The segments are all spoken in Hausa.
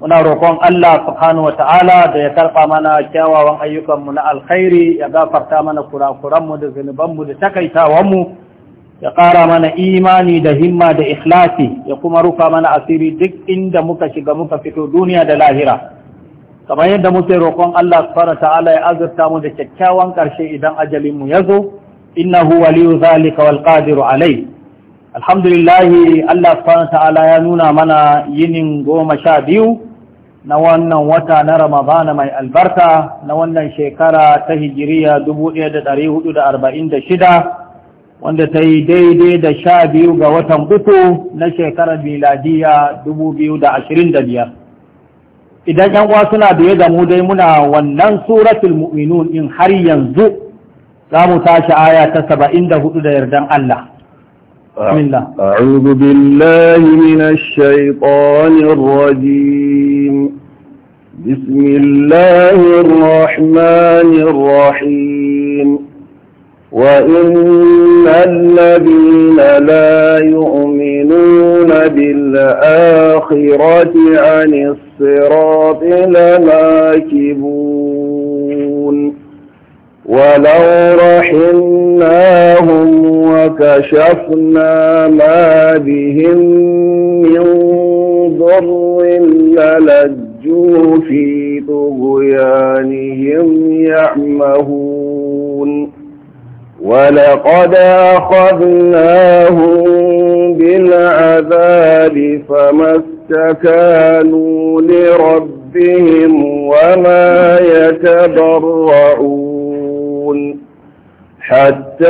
muna roƙon Allah subhanahu wa ta'ala da ya karɓa mana kyawawan ayyukanmu na alkhairi ya gafarta mana kurakuranmu da zunubanmu da takaitawanmu ya ƙara mana imani da himma da ikhlasi ya kuma rufa mana asiri duk inda muka shiga muka fito duniya da lahira kamar yadda muke roƙon Allah subhanahu wa ta'ala ya azurta mu da kyakkyawan ƙarshe idan ajalinmu ya zo innahu waliyu zalika wal qadiru alai alhamdulillah Allah subhanahu wa ta'ala ya nuna mana yinin goma sha biyu na wannan wata na Ramadana mai albarka na wannan shekara ta hijiriya 1446 wanda ta yi daidai da sha biyu ga watan uku na shekarar miladiya 2025 idan yan uwa suna biye da mu dai muna wannan suratul mu'minun in har yanzu za mu tashi aya ta 74 da yardan Allah بسم الله أعوذ بالله من الشيطان الرجيم بسم الله الرحمن الرحيم وإن الذين لا يؤمنون بالآخرة عن الصراط لناكبون ولو رحمناهم وكشفنا ما بهم من ضر للجوا في طغيانهم يعمهون ولقد أخذناهم بالعذاب فما استكانوا لربهم وما يتبرعون حتى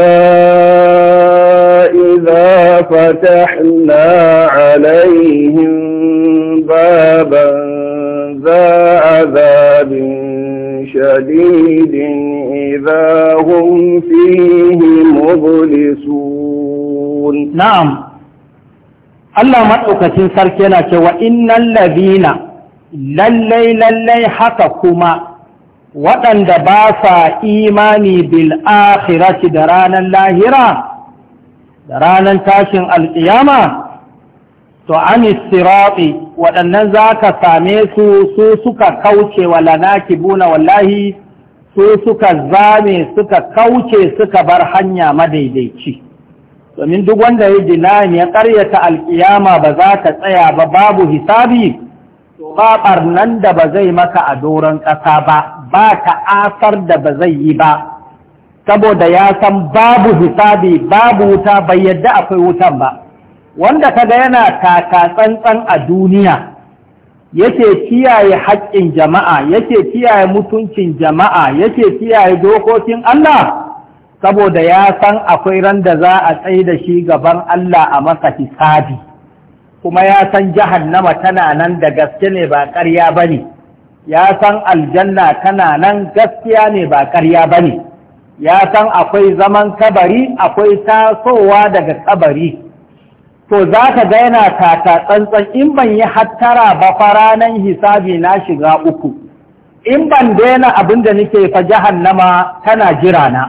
إذا فتحنا عليهم بابا ذا عذاب شديد إذا هم فيه مبلسون نعم الله مدعوكة سركنا وإن الذين للي للي حقكما waɗanda ba sa imani bil akhirati da ranar lahira da ranar tashin alƙiyama to an istirafi waɗannan za ka same su su suka kauce wa lanaki buna wallahi su suka zame suka kauce suka bar hanya madaidaici domin duk wanda ya dinami ya ƙaryata alƙiyama ba za ka tsaya ba babu hisabi to ba ɓarnan da ba zai maka a doron ƙasa ba ba ta asar da ba zai yi ba saboda ya san babu hisabi babu wuta bai yadda akwai wutan ba wanda kaga yana taka tsantsan a duniya yake kiyaye haƙƙin jama'a yake kiyaye mutuncin jama'a yake kiyaye dokokin Allah saboda ya san akwai ran da za a tsaye da shi gaban Allah a masa hisabi kuma ya san jahannama tana nan da gaske ne ba ƙarya ba ne ya san aljanna tana nan gaskiya ne ba ƙarya ba ne ya san akwai zaman kabari akwai tasowa daga kabari to za ka ga yana tata tsantsan in ban yi hattara ba faranan hisabi na shiga uku in ban daina abin da nake fa jahannama tana jira na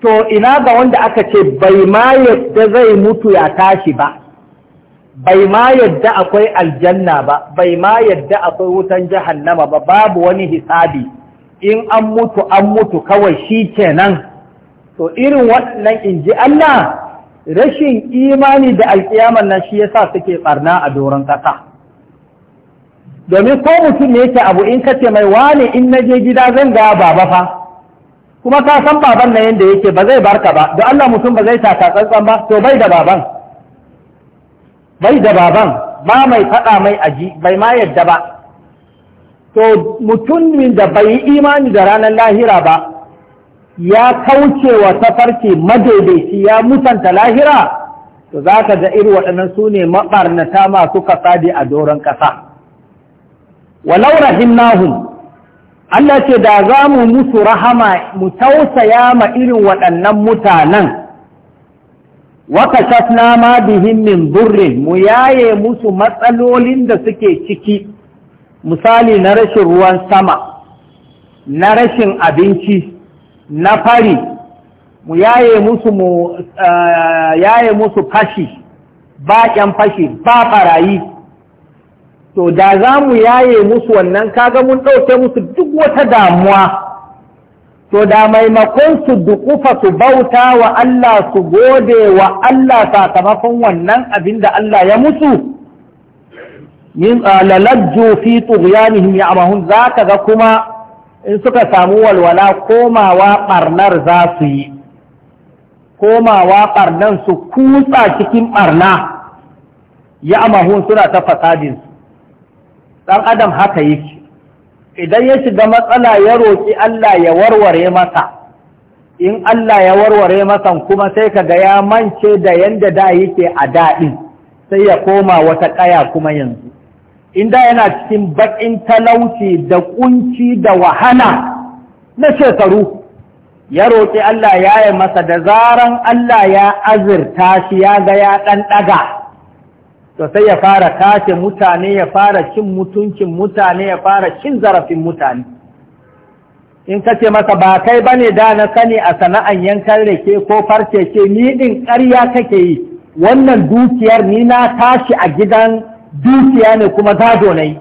to ina ga wanda aka ce bai ma yadda zai mutu ya tashi ba bai ma yadda akwai aljanna ba bai ma yadda akwai wutan jahannama ba babu wani hisabi in an mutu an mutu kawai shi kenan to irin waɗannan in ji Allah rashin imani da alƙiyaman na shi yasa suke barna a doron ƙasa domin ko mutum ne yake abu in kace mai wane in na je gida zan ga baba fa kuma ka san baban na yanda yake ba zai barka ba da Allah mutum ba zai taka tsantsan ba to bai da baban bai da baban ba mai faɗa mai aji bai ma yadda ba to mutumin da bai yi imani da ranar lahira ba ya kauce wa tafarki madaidaici ya mutanta lahira to za ka ga iri waɗannan su ne maɓarnata masu kasadi a doron ƙasa walau rahimnahum Allah ce da za mu musu rahama mu tausaya ma irin waɗannan mutanen waka shafna ma bihin min burin mu yaye musu matsalolin da suke ciki misali na rashin ruwan sama na rashin abinci na fari mu yaye musu mu eh, yaye musu fashi ba fashi ba ɓarayi to da za mu yaye musu wannan kaga mun ɗauke musu duk wata damuwa to da maimakon su dukufa su bauta wa Allah su gode wa Allah sakamakon wannan abin da Allah ya musu min eh, lalajju fi tughyanihim ya'mahun zaka ga kuma in suka samu walwala komawa ɓarnar za su yi komawa ɓarnan su kutsa cikin ɓarna ya amahun suna ta fasadinsu ɗan adam haka yake idan ya shiga matsala ya roƙi Allah ya warware masa in Allah ya warware masa kuma sai ka ga ya mance da yanda da yake a daɗin sai ya koma wata ƙaya kuma yanzu inda yana cikin baƙin talauci da ƙunci da wahala na shekaru ya roƙi Allah ya yi masa da zaran Allah ya azurta shi ya ga ya ɗan ɗaga sai ya fara kashe mutane ya fara cin mutuncin mutane ya fara cin zarafin mutane in ka ce masa ba kai ba ne da na sani a sana'an yankan rake ko farce ce ni ɗin ƙarya kake yi wannan dukiyar ni na tashi a gidan dukiya ne kuma gado ne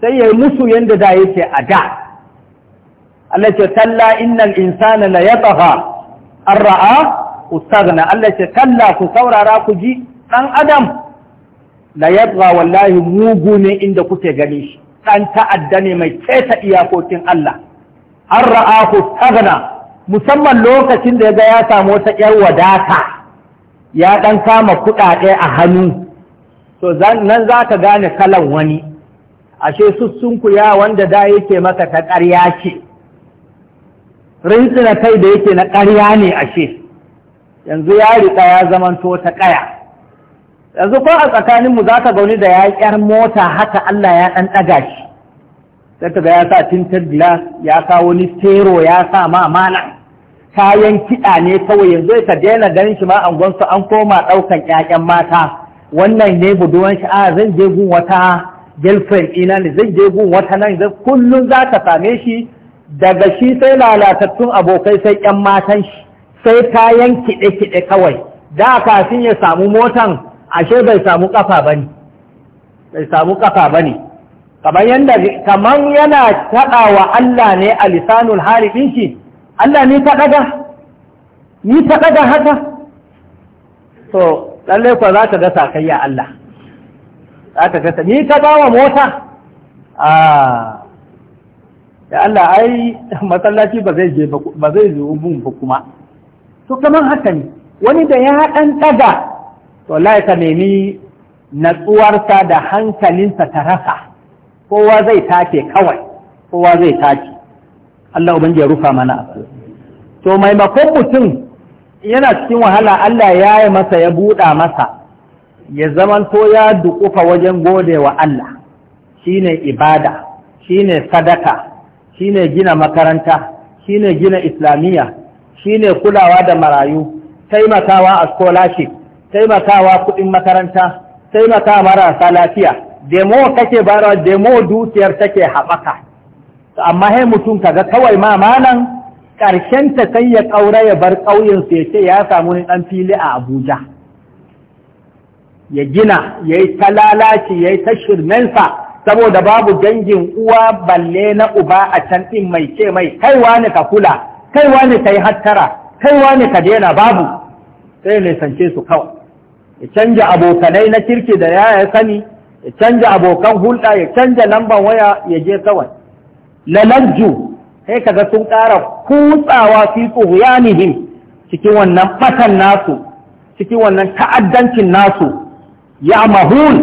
sai ya yi musu yadda da yake a da Allah ce talla innal insana la yataha an ra'a ustagna Allah ce talla ku saurara ku ji ɗan adam la yatgha wallahi mugu ne inda kuke gani shi ɗan ta'adda ne mai keta iyakokin Allah an ra'a ustagna musamman lokacin da ya ga ya samu wata ‘yar wadata ya ɗan kama kuɗaɗe a hannu to nan za ka gane kalan wani ashe ya? wanda da yake maka ta ƙarya ce Rintsina kai da yake na ƙarya ne ashe yanzu ya riƙa ya zamanto ta ƙaya yanzu ko a tsakaninmu za ka gauni da ya mota haka Allah ya ɗan ɗaga shi sai ka ga ya sa tintar glass ya sa wani tero ya sa ma mana kayan kiɗa ne kawai yanzu ka daina ganin shi ma gwansu an koma ɗaukan ƴaƴan mata wannan ne buduwan shi a ah, zan je gun wata girlfriend ina ne zan je gun wata nan zan kullum za ka same shi daga shi sai lalatattun abokai sai ƴan matan shi sai kayan kiɗe-kiɗe kawai da kafin ya samu motan ashe bai samu kafa bane bai samu kafa bane kamar yanda kamar yana taɗawa Allah ne a lisanul halifin shi Allah ni ta ɗaga ni ta ɗaga haka to lallai kuwa za ka ga sakayya Allah za ka ga ni ka bawa mota a ya Allah ai masallaci ba zai je ba zai zo mun ba kuma to kaman haka ne wani da ya dan daga to lai ka nemi natsuwarsa da hankalinsa ta rasa kowa zai take kawai kowa zai take Allah ubangiji ya rufa mana asiri to maimakon mutum yana cikin wahala Allah ya yi masa ya buɗa masa ya zamanto ya duƙufa wajen gode wa Allah shine ibada shine sadaka shine gina makaranta shine gina islamiyya shine kulawa da marayu taimakawa a scholarship taimakawa kuɗin makaranta taimakawa marasa lafiya demo kake bara demo dukiyar take haɓaka amma hai mutum kaga kawai ma malan ƙarshen ta sai ya ƙaura ya bar ƙauyen su ya ce ya samu ni ɗan fili a abuja ya gina ya yi ta lalaci ya yi ta shirmensa saboda babu dangin uwa balle na uba a can ɗin mai ce mai wa ne ka kula wa ne ka yi hattara wa ne ka daina babu sai ne sance su kawai ya canja abokanai na kirki da ya sani ya canja abokan hulɗa ya canja lamban waya ya je kawai Lalarju, sai ga sun ƙara kutsawa fi tsohuyanihim cikin wannan ɓatan nasu cikin wannan ta'addancin nasu ya mahul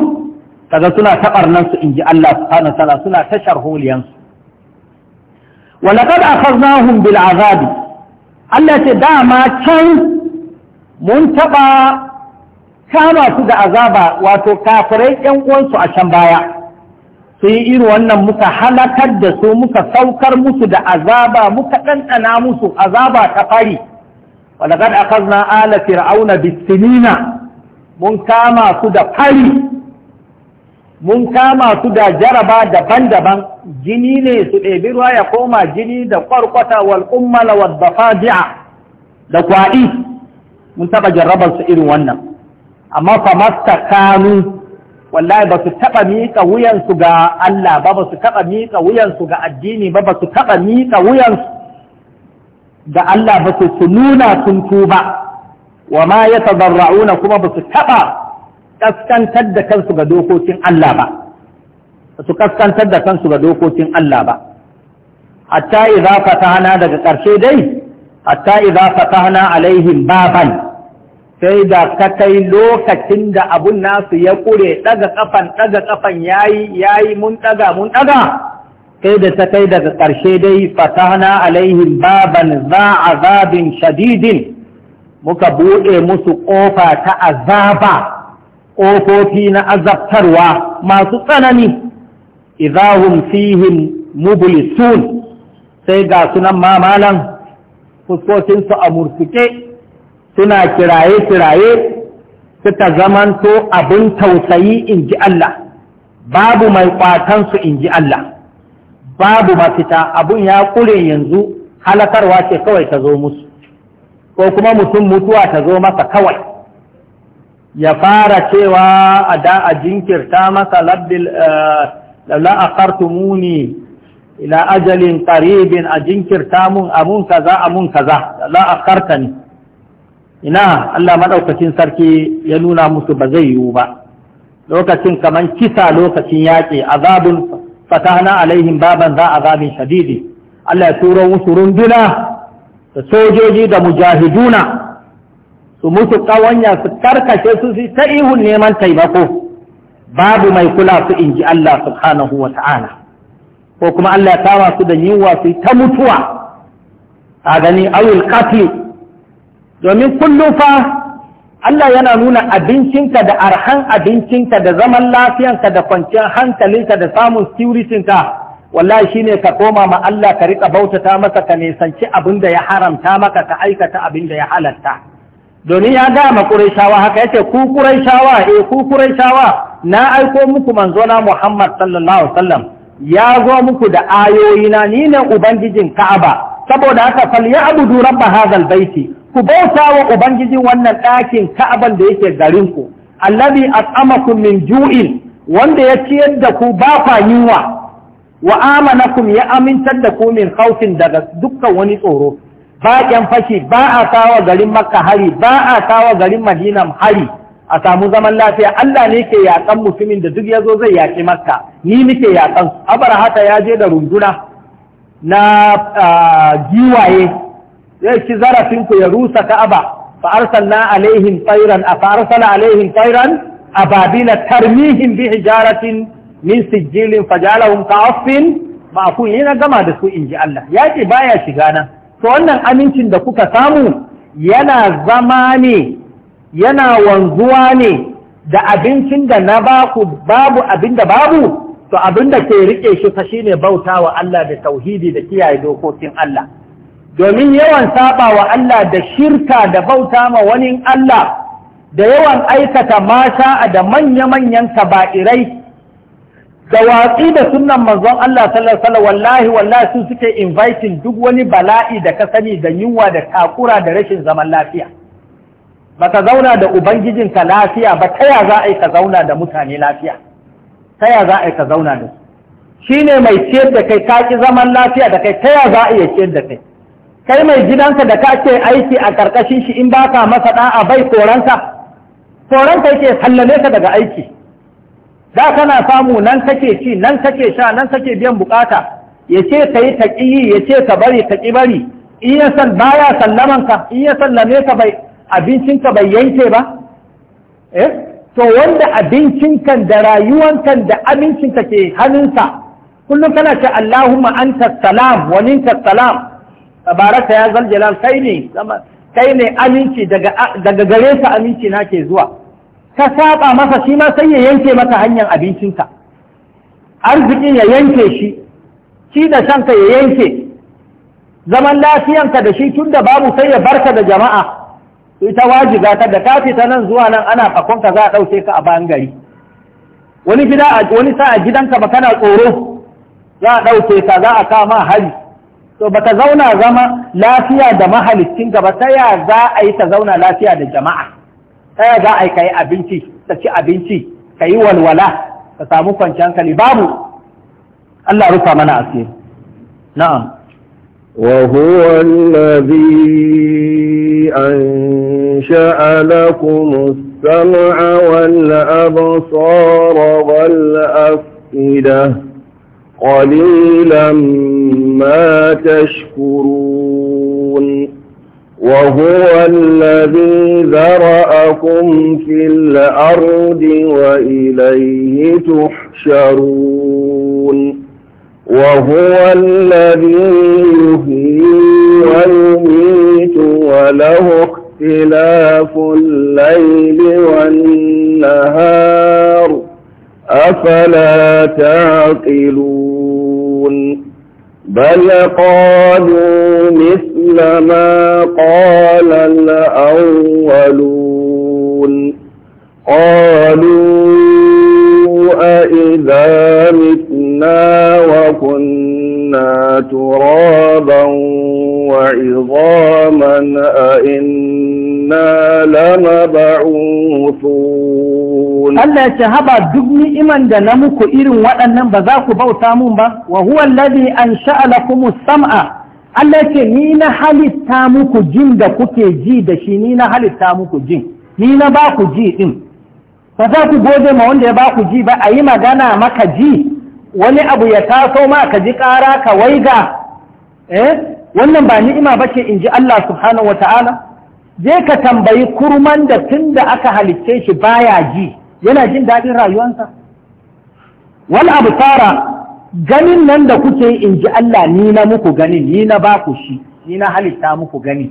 kaga suna taɓarnan su inji Allah subhanahu wa ta'ala suna ta sharholiyansu wa laqad akhadnahum bil azabi Allah ce dama can mun taɓa kama su da azaba wato kafirai ‘yan uwansu a can baya, sun yi irin wannan muka halakar da su muka saukar musu da azaba muka ɗanɗana musu azaba ta fari ولقد أخذنا آل فرعون بالسنين mun kama su da fari mun kama su da jaraba daban-daban jini ne su ɗebi ruwa ya koma jini da kwarkwata wal kummala wal dafaji'a da kwaɗi mun taɓa jarrabar su irin wannan amma fa mastakanu wallahi ba su taɓa miƙa wuyansu ga Allah ba ba su taɓa miƙa wuyansu ga addini ba ba su taɓa miƙa wuyansu ga Allah ba su nuna sun tuba wa ma ya tabarra'una kuma ba su taɓa kaskantar da kansu ga dokokin Allah ba ba su kaskantar da kansu ga dokokin Allah ba hatta idza fatahna daga ƙarshe dai hatta idza fatahna alaihim baban sai da ka kai lokacin da abun nasu ya ƙure ɗaga ƙafan ɗaga ƙafan yayi yayi mun ɗaga mun ɗaga sai da ta kai daga ƙarshe dai fatana alaihin baban za zabin shadidin muka buɗe musu ƙofa ta azaba ƙofofi na azabtarwa masu tsanani idahum fihim mublisun sai ga sunan mamalan fuskokinsu a murtuke suna kiraye-kiraye suka zamanto abin tausayi in ji Allah babu mai kwatansu in ji Allah babu mafita abun ya kure yanzu halakarwa ce kawai ta zo musu ko kuma mutum mutuwa ta zo masa kawai ya fara cewa a da a jinkirta masa labdil lalla eh, akartumuni ila ajalin ƙaribin a jinkirta mun amun kaza amun kaza lalla akartani ina Allah maɗaukacin sarki ya nuna musu ba zai yiwu ba lokacin kaman kisa lokacin yaƙi azabun Fatana alaihim baban za azabin shadidi Allah ya turo musu runduna da sojoji da mujahiduna su musu ƙawanya su karkashe su su ta ihun neman taimako babu mai kula su inji Allah subhanahu wa ta'ala ko kuma Allah ya kama su da yiwuwa su ta mutuwa a gani awil kafi. domin kullum fa Allah yana nuna abincinka da arhan abincinka da zaman lafiyanka da kwanciyar hankalinka da samun securitinka wallahi shine ka koma ma Allah ka rika bautata masa ka nisanci abin da ya haramta maka ka aikata abin da ya halatta domin ya ga ma haka yake, ku Qurayshawa eh ku Qurayshawa na aiko muku manzona Muhammad sallallahu alaihi wasallam ya zo muku da ayoyina ni ne ubangijin Ka'aba saboda haka falyabudu rabb hadha baiti ku bauta wa ubangijin wannan ɗakin ka'aban da yake garin ku allazi at'amakum min ju'in wanda ya ciyar da ku ba yunwa wa amanakum ya amintar da ku min haufin daga dukkan wani tsoro ba fashi ba a kawo garin makka hari ba a kawo garin madina hari a samu zaman lafiya Allah ne ke yakan mutumin da duk yazo zai yaki makka ni muke yakan abar haka ya je da runduna na ah, giwaye zai ci zarafinku ya rusa ka'aba fa arsalna alaihim tayran fa alaihin alaihim tayran ababila tarmihim bi hijaratin min sijilin fajalahum ka'affin ma'kul ne gama da su inji Allah yaki baya shiga nan to wannan amincin da kuka samu yana zama ne yana wanzuwa ne da abincin da na baku babu abin da babu to abin da ke rike shi fa shine bauta wa Allah da tauhidi da kiyaye dokokin Allah domin yawan saba wa Allah da shirka da bauta ma wani Allah da yawan aikata mata da manya-manyan kaba'irai da watsi da sunan manzon Allah sallallahu wallahi wallahi su suke inviting duk wani bala'i da ka sani da yunwa da takura da rashin zaman lafiya baka zauna da ubangijinka lafiya ba ta ya za a yi ka zauna da mutane lafiya ta ya za a yi ka zauna da su shine mai ciyar da kai kaki zaman lafiya da kai ta ya za a iya ciyar da kai kai mai gidansa da kake aiki a ƙarƙashin shi in ba ka masa ɗa'a bai koranka koranka yake sallame ka daga aiki da kana samu nan kake ci nan kake sha nan kake biyan bukata ya ce ka yi yi, ya ce ka bari taƙi bari in ya san baya sallaman ka in ya sallame ka bai abincinka bai yanke ba eh to wanda abincinkan da rayuwankan da abincinka ke hannunsa kullum kana ce Allahumma anta salam wa minka salam tabaraka ya zaljalal kai ne kai ne aminci daga gare sa aminci na ke zuwa ka saba masa shi ma sai ya yanke maka hanyar abincinka arzikin ya yanke shi ci da shanka ya yanke zaman lafiyanka da shi tun da babu sai ya barka da jama'a ita wajiba ta da kafi ta nan zuwa nan ana fakonka za a ɗauke ka a bayan gari wani gida wani sa a gidanka ba kana tsoro za a ɗauke ka za a kama hari to baka zauna zama lafiya da mahalicin gaba ta ya za a yi ta zauna lafiya da jama'a ta ya za a yi ka yi abinci ta ci abinci ka yi walwala ka samu kwanciyar hankali babu Allah rufa mana asiri na'am وهو الذي أنشأ لكم السمع والأبصار والأفئدة قليلا ما تشكرون وهو الذي ذرأكم في الأرض وإليه تحشرون وهو الذي يهي ويميت وله اختلاف الليل والنهار أفلا تعقلون بل قالوا مثل ما قال الأولون قالوا أئذا متنا وكنا ترابا وعظاما أئنا لمبعوثون الله يتهبى دبني إمن دنمك إرن وأنا بذاك بوتا منبا وهو الذي أنشأ لكم sam'a. Allah ce ni na halitta muku jin da kuke ji da shi ni na halitta muku jin ni na ba ku ji din ba za ku gode ma wanda ya ba ku ji ba a yi magana maka ji wani abu ya taso ma ka ji kara ka waiga eh wannan ba ni'ima ba in ji Allah subhanahu wa ta'ala? je ka tambayi kurman da tun da aka halicce shi baya ji yana jin daɗin rayuwansa wal tara, ganin nan da kuke in ji Allah ni na muku ganin ni na ba ku shi ni na halitta muku gani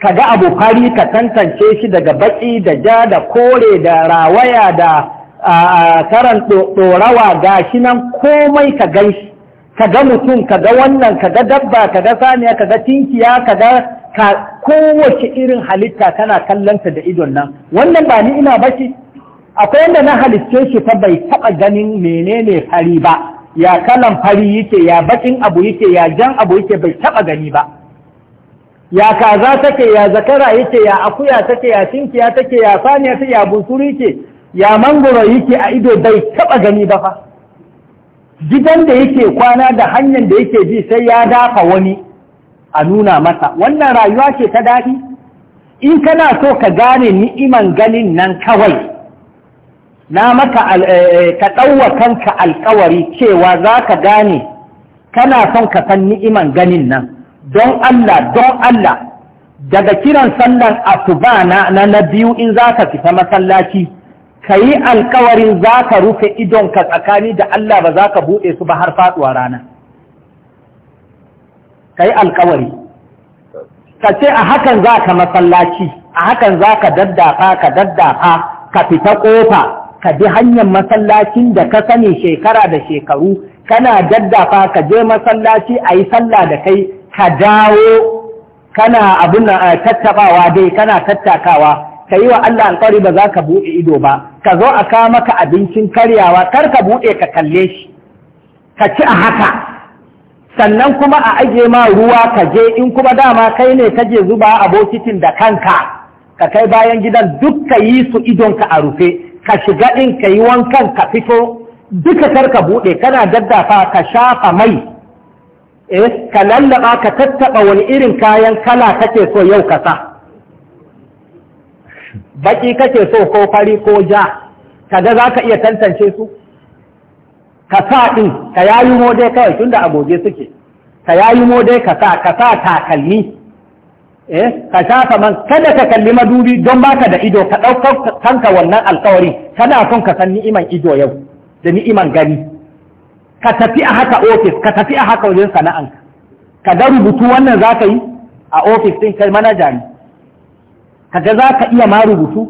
ka ga abu fari ka tantance shi daga baki da ja da kore da rawaya da karan ɗorawa ga shi nan komai ka gan shi ka ga mutum ka ga wannan ka ga dabba ka ga saniya ka ga tinkiya ka ga kowace irin halitta kana kallonta da idon nan wannan ba ni ina shi. akwai yadda na halitta shi ta bai taɓa ganin menene fari ba ya kalan fari yake ya bakin abu yake ya jan abu yake bai taɓa gani ba ya kaza take ya zakara yake ya akuya take ya tinkiya take ya saniya take ya bunsuru yake ya mangoro yake a ido bai taɓa gani ba fa gidan da yake kwana da hanyar da yake ji sai ya dafa wani a nuna masa wannan rayuwa ce ta daɗi in kana so ka gane ni'iman ganin nan kawai na maka eh, eh, ka ɗauwa kanka alkawari cewa za ka gane kana son ka san ni'iman ganin nan don Allah don Allah daga kiran sallar asuba na na biyu in za ka fita masallaci ka yi alkawarin za ka rufe idonka tsakani da Allah ba za ka buɗe su ba har faɗuwa rana ka yi alkawari ka ce a hakan za ka masallaci a hakan za ka daddafa ka daddafa ka fita ƙofa ka bi hanyar masallacin da ka sani shekara da shekaru kana daddafa ka je masallaci a yi sallah da kai ka dawo kana abin tattabawa dai kana tattakawa ka yi wa Allah alƙawari ba za ka buɗe ido ba ka zo a kawo maka abincin karyawa kar ka buɗe ka kalle shi ka ci a haka sannan kuma a aje ma ruwa ka je in kuma dama kai ne ka je zuba a bokitin da kanka ka kai bayan gidan duk ka yi su idonka a rufe ka shiga ɗin ka yi wankan ka fito duka kar ka buɗe kana daddafa ka shafa mai eh ka lallaba ka tattaɓa wani irin kayan kala kake so yau ka sa baki kake so ko fari ko ja kaga za ka iya tantance su ka sa ɗin ka yayi mode kawai da agoge suke ka yayi mode ka sa ka sa takalmi eh ka shafa man kada ka kalli madubi don baka da ido ka ɗaukar kanka wannan alkawari kana son ka san ni'iman ido yau da ni'iman gani ka tafi a haka ofis ka tafi a haka wajen sana'anka ka da rubutu wannan za ka yi a ofis ɗin kai manaja ne kaga za ka iya ma rubutu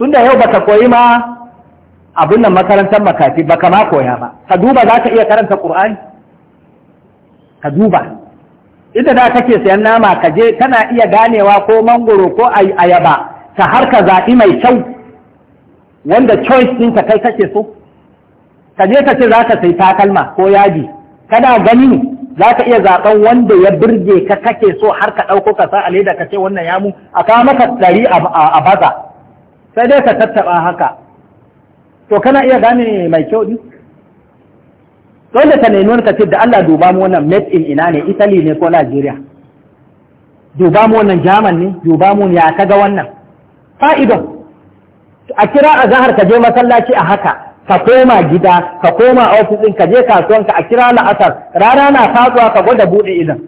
tunda yau baka koyi ma abin nan makarantar makafi baka ma koya ba ka duba za ka iya karanta qur'ani ka duba ita da kake sayan nama ka je kana iya ganewa ko mangoro ko ayaba ka har ka zaɓi mai kyau wanda choice ka kai kake so ka je ka ce za ka sai takalma ko yaji kada gani za ka iya zaɓen wanda ya birge ka kake so har ka ɗauko ka sa a leda ka ce wannan ya mu a kawo maka ɗari a baza sai dai ka tattaɓa haka to kana iya gane mai kyau ɗin dole ta nemi wani ce da Allah duba mu wannan made in ina ne Italy ne ko Nigeria duba mu wannan German ne duba mu ya kaga wannan fa'idon a kira a zahar ka je masallaci a haka ka koma gida ka koma ofis ɗin ka je kasuwanka a kira la'asar rana na faduwa ka gwada buɗe idan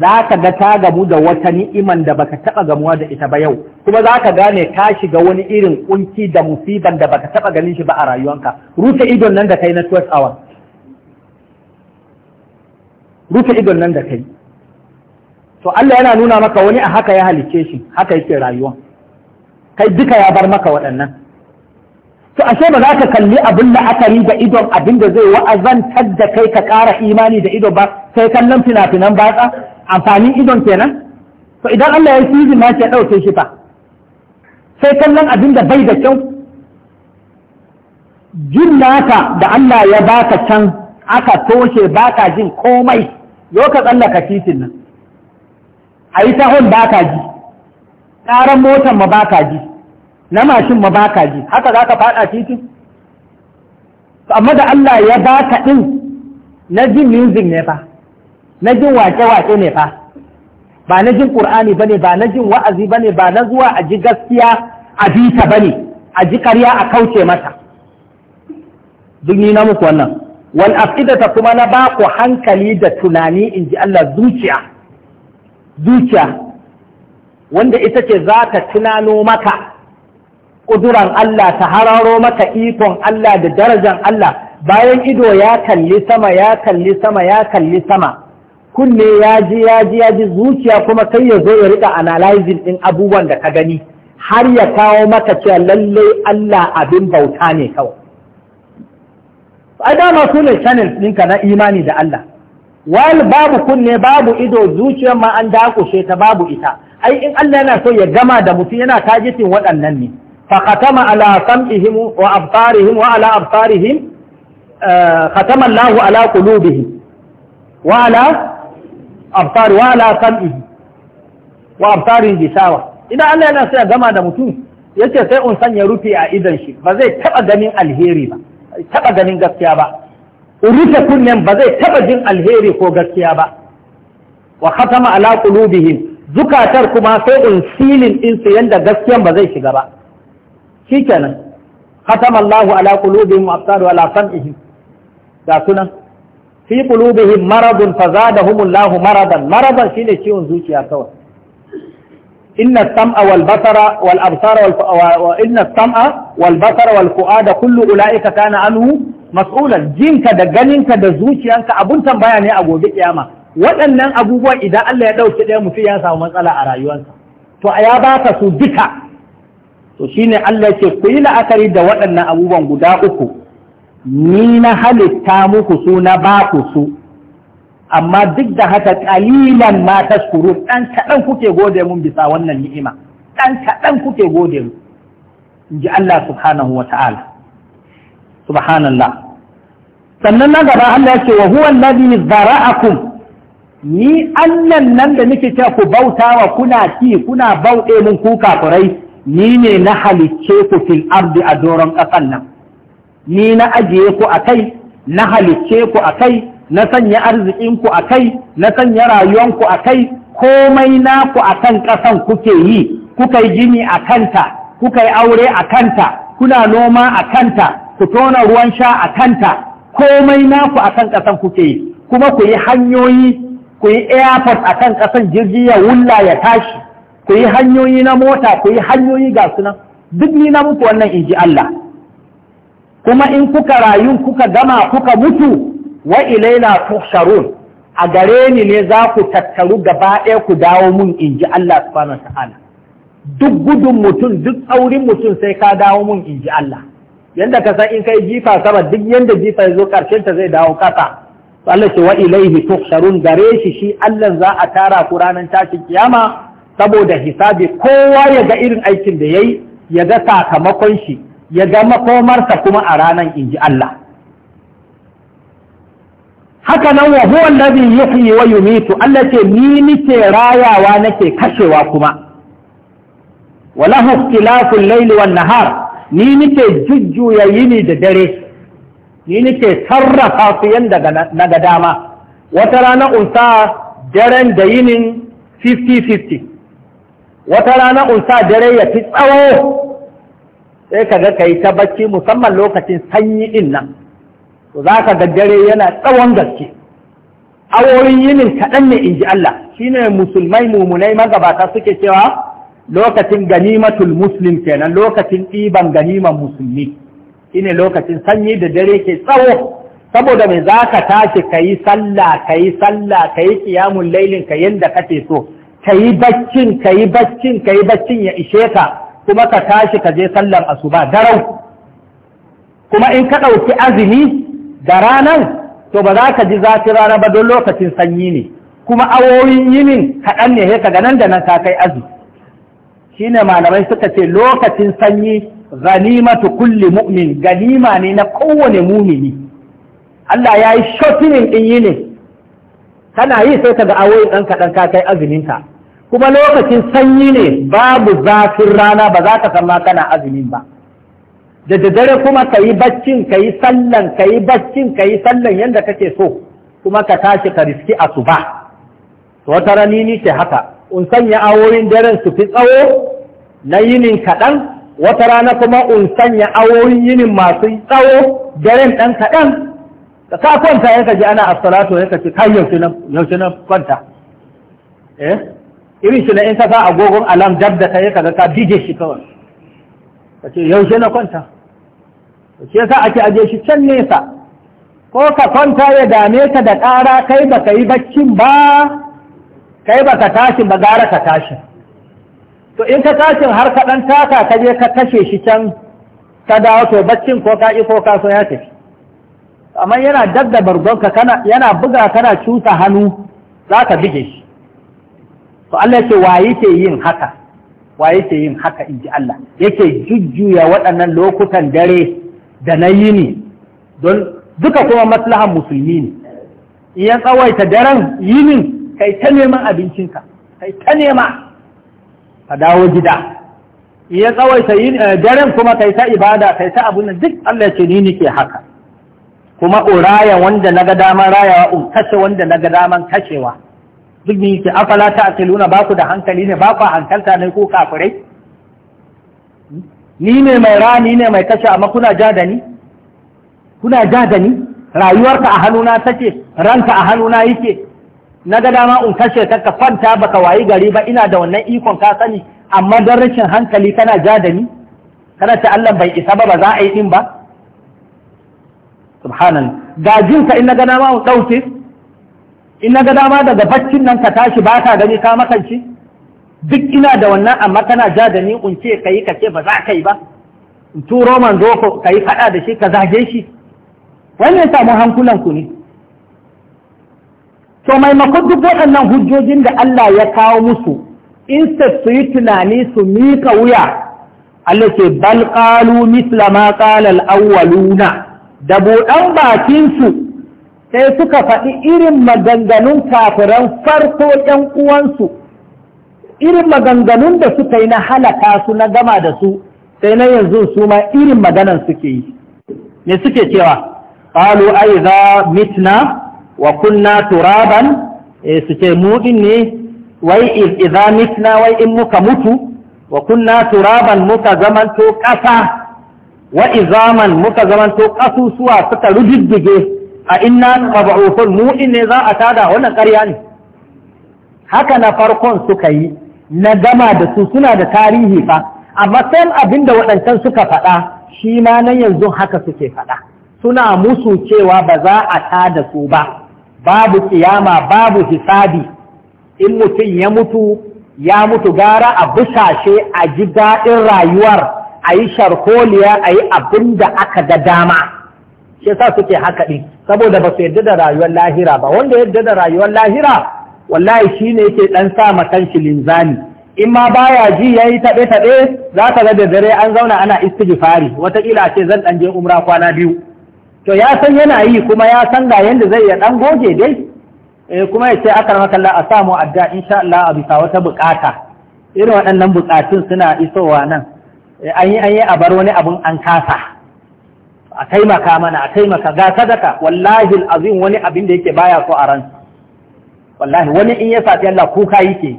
za ka ga ta gamu da wata ni'iman da baka taɓa gamuwa da ita ba yau kuma za ka gane ka shiga wani irin kunci da musiban da baka taɓa ganin shi ba a rayuwanka rufe idon nan da kai na 12 hours rufe idon nan da kai to Allah yana nuna maka wani a haka ya halice shi haka yake rayuwa kai duka ya bar maka waɗannan to ashe ba za ka kalli abin la'akari da idon abin da zai wa'azantar da kai ka ƙara imani da ido ba sai kallon fina-finan batsa amfanin idon kenan to idan Allah ya yi ma ke ɗauke shi fa sai kallon abin da bai da kyau jin naka da Allah ya baka can aka toshe baka jin komai yau ka tsallaka titin nan a yi tahon baka ji ƙaran motan ma baka ji na mashin ma baka ji haka za ka faɗa titi amma da Allah ya baka ɗin na jin music ne fa na jin wake-wake ne fa ba na jin ƙur'ani ba ne ba na jin wa'azi ba ne ba na zuwa a ji gaskiya a bita ba ne a ji karya a kauce mata duk ni na muku wannan wal afidata kuma na ba ku hankali da tunani in ji Allah zuciya zuciya wanda ita ce za ta tunano maka Kuduran Allah ta hararo maka ikon Allah da darajan Allah bayan ido ya kalli sama ya kalli sama ya kalli sama kunne ya ji ya ji ya ji zuciya kuma kai ya zo ya rika analyzing ɗin abubuwan da ka gani har ya kawo maka cewa lalle Allah abin bauta ne kawai a dama su ne channels ɗinka na imani da Allah wal babu kunne babu ido zuciyar ma an dakushe ta babu ita ai in Allah yana so ya gama da mutum yana tajitin waɗannan ne فختم على سمعهم وأبصارهم وعلى أبصارهم ختم الله على قلوبهم وعلى أبصار وعلى سمعه وأبصارهم بشاوة إذا الله yana sai gama da mutum yace sai un sanya rufe a idan shi ba zai taba ganin alheri ba taba ganin gaskiya ba rufe kunnen ba zai taba jin alheri ko gaskiya ba wa khatama ala qulubihim zukatar kuma sai un silin din su yanda gaskiyan ba zai shiga ba shikenan khatama Allahu ala qulubihim wa ala sam'ihim ga sunan fi qulubihim maradun fazadahum Allahu maradan maradan shine ciwon zuciya kawai inna sam'a wal basara wal absara wal inna sam'a wal basara wal fuada kullu ulaika kana anhu jinka da ganinka da zuciyanka abun tambaya ne a gobe iyama. waɗannan abubuwan idan Allah ya ɗauki ɗaya mutum ya samu matsala a rayuwarsa to ya baka su duka to shine Allah ce ku yi la'akari da waɗannan abubuwan guda uku ni na halitta muku su na ba ku su amma duk da haka ƙalilan ma tashkurun ɗan kaɗan kuke gode mun bisa wannan ni'ima ɗan kaɗan kuke gode mu in ji Allah subhanahu wa ta'ala subhanallah sannan na gaba Allah ya ce wa huwa alladhi zara'akum ni Allah nan da nake cewa ku bauta wa kuna ci kuna bauɗe mun kuka kafirai ni ne na halicce ku fil ardi a doron ƙasan nan ni na ajiye ku a kai na halicce ku a kai na sanya arzikinku a kai na sanya rayuwanku a kai komai naku a kan ƙasan kuke yi kuka yi gini a kanta kuka yi aure a kanta kuna noma a kanta ku tona ruwan sha a kanta komai naku a kan ƙasan kuke yi kuma ku yi hanyoyi ku yi airport a kan ƙasan jirgi ya wulla ya tashi ku yi hanyoyi na mota ku yi hanyoyi ga sunan duk ni na muku wannan in ji Allah kuma in kuka rayu kuka gama kuka mutu wa ilaina tuhsharun a gare ni ne za ku tattaru gaba ɗaya ku dawo mun in ji Allah subhanahu ta'ala duk gudun mutum duk tsaurin mutum sai ka dawo mun in ji Allah yanda ka san in kai jifa sama duk yanda jifa ya zo karshen ta zai dawo kasa Allah ce wa ilaihi tuhsharun gare shi shi Allah za a tara ku ranar tashin kiyama saboda hisabi kowa ya ga irin aikin da ya ya ga sakamakon shi ya ga makomarsa kuma a ranar inji Allah haka nan wa huwa labin yuhyi wa yumitu Allah ce ni nike rayawa nake kashewa kuma wala ikhtilafu al-layli wan nahar ni nike jujjuya yini da dare ni nike sarrafa su yanda daga dama wata rana unsa daren da yinin 50-50 wata rana unsa dare ya fi tsawo sai ka ga ka yi ta bacci musamman lokacin sanyi in nan to za ka ga dare yana tsawon gaske awoyin yinin kaɗan ne in ji Allah Shi ne musulmai mumunai magabata suke cewa lokacin ganimatul muslim kenan lokacin ɗiban ganiman musulmi Shi ne lokacin sanyi da dare ke tsawo saboda mai za ka tashi ka yi sallah ka yi sallah ka yi ƙiyamun lailin ka yadda kake so ka yi baccin ka yi baccin ka yi baccin ya ishe ka kuma ka tashi ka je sallar asuba darau kuma in ka ɗauki azumi da ranar to ba za ka ji zafi rana ba don lokacin sanyi ne kuma awoyin yinin kaɗan ne ka ga nan da nan ka kai azumi ne malamai suka ce lokacin sanyi ganimatu kulli mu'min ganima ne na kowane mumini Allah ya yi shotinin ɗin yini kana yi sai ka ga awoyin ɗan kaɗan ka kai azuminka kuma lokacin sanyi ne babu zafin rana ba za ka san kana azumin ba da daddare kuma ka yi baccin ka yi sallan ka yi baccin ka yi sallan yadda kake so kuma ka tashi ka riski asuba to wata rani ni ce haka in sanya awoyin daren su fi tsawo na yinin kaɗan wata rana kuma in sanya awoyin yinin masu tsawo daren ɗan kaɗan da ka kwanta yanka ji ana asalatu yanka ce kai yaushe na kwanta eh irin shi na in ka sa agogon alam dab da kai kaga ka dije shi kawai ka ce yaushe na kwanta shi yasa ake aje shi can nesa ko ka kwanta ya dame ka da ƙara kai ba ka yi baccin ba kai ba ka tashi ba gara ka tashi to in ka tashin har ka ɗan taka ka je ka kashe shi can ka dawo to baccin ko ka ko ka so ya tafi amma yana dadda bargonka kana yana buga kana cuta hannu za ka bige shi to Allah ce wa yake yin haka wa yake yin haka inji Allah yake jujjuya waɗannan lokutan dare da na yini don duka kuma maslahan musulmi ne in tsawaita daren yinin kai ta neman abincinka kai ta nema ka dawo gida in ya tsawaita eh, daren kuma kai ta ibada kai ta abin duk Allah ce ni nike haka kuma uraya wanda na ga daman rayawa in kashe wanda na ga daman kashewa zulmi yake afala ta asiluna ba ku da hankali ne ba ku hankalta ne ko kafirai ni ne mai rani ne mai kashe amma kuna ja da ni kuna ja da ni rayuwarka a hannuna take ranka a hannuna yake na ga dama in kashe ka ka baka wayi gari ba ina da wannan ikon ka sani amma don rashin hankali kana ja da ni kana ta Allah bai isa ba ba za a yi din ba subhanan ga jinka in na ga dama in ɗauke in na ga dama daga baccin nan ka tashi ba ka gani ka makanci duk ina da wannan amma kana ja da ni kunce yi ka ce ba za ka yi ba in turo zo ka yi fada da shi ka zage shi wannan samu hankulan ku ne to maimakon duk waɗannan hujjojin da Allah ya kawo musu in su yi tunani su mika wuya Allah ce bal qalu misla ma qala al-awwaluna da buɗan bakin su sai suka faɗi irin maganganun kafiran farko ‘yan uwansu, irin maganganun da suka yi na halaka su na gama da su, sai na yanzu su ma irin maganan suke yi. Me suke cewa, ƙalu aiza mitna wa kunna turaban, e eh, suke muɗin ne, wai idza mitna wai in muka mutu, wa kunna turaban muka zamanto ƙasa, wa izaman muka zamanto ƙasusuwa suka rujiddige. a inna mab'ufun mu ne za a tada wannan ƙarya ne haka na farkon suka yi na gama da su suna da tarihi fa amma sai abin da waɗancan suka faɗa shi ma nan yanzu haka suke faɗa suna musu cewa ba za a tada su ba babu kiyama babu hisabi in mutum ya mutu ya mutu gara a busashe a ji daɗin rayuwar a yi sharkoliya a yi abin da aka ga dama shi sa suke haka din saboda ba su yarda da rayuwar lahira ba wanda yadda da rayuwar lahira wallahi shi ne yake ɗan sa makan shi linzami in ma baya ji yayi taɓe taɓe za ka ga da dare an zauna ana istighfari wataƙila ce zan ɗan je umra kwana biyu to ya san yana yi kuma ya san ga yanda zai ya ɗan goge dai eh, kuma ya ce akar kalla a samu adda insha Allah a bisa wata bukata irin waɗannan bukatun suna isowa nan eh, an yi an yi a bar wani abun an kasa a taimaka mana a taimaka ga sadaka wallahi azim wani abin da yake baya so a ransa wallahi wani in ya sati Allah kuka yake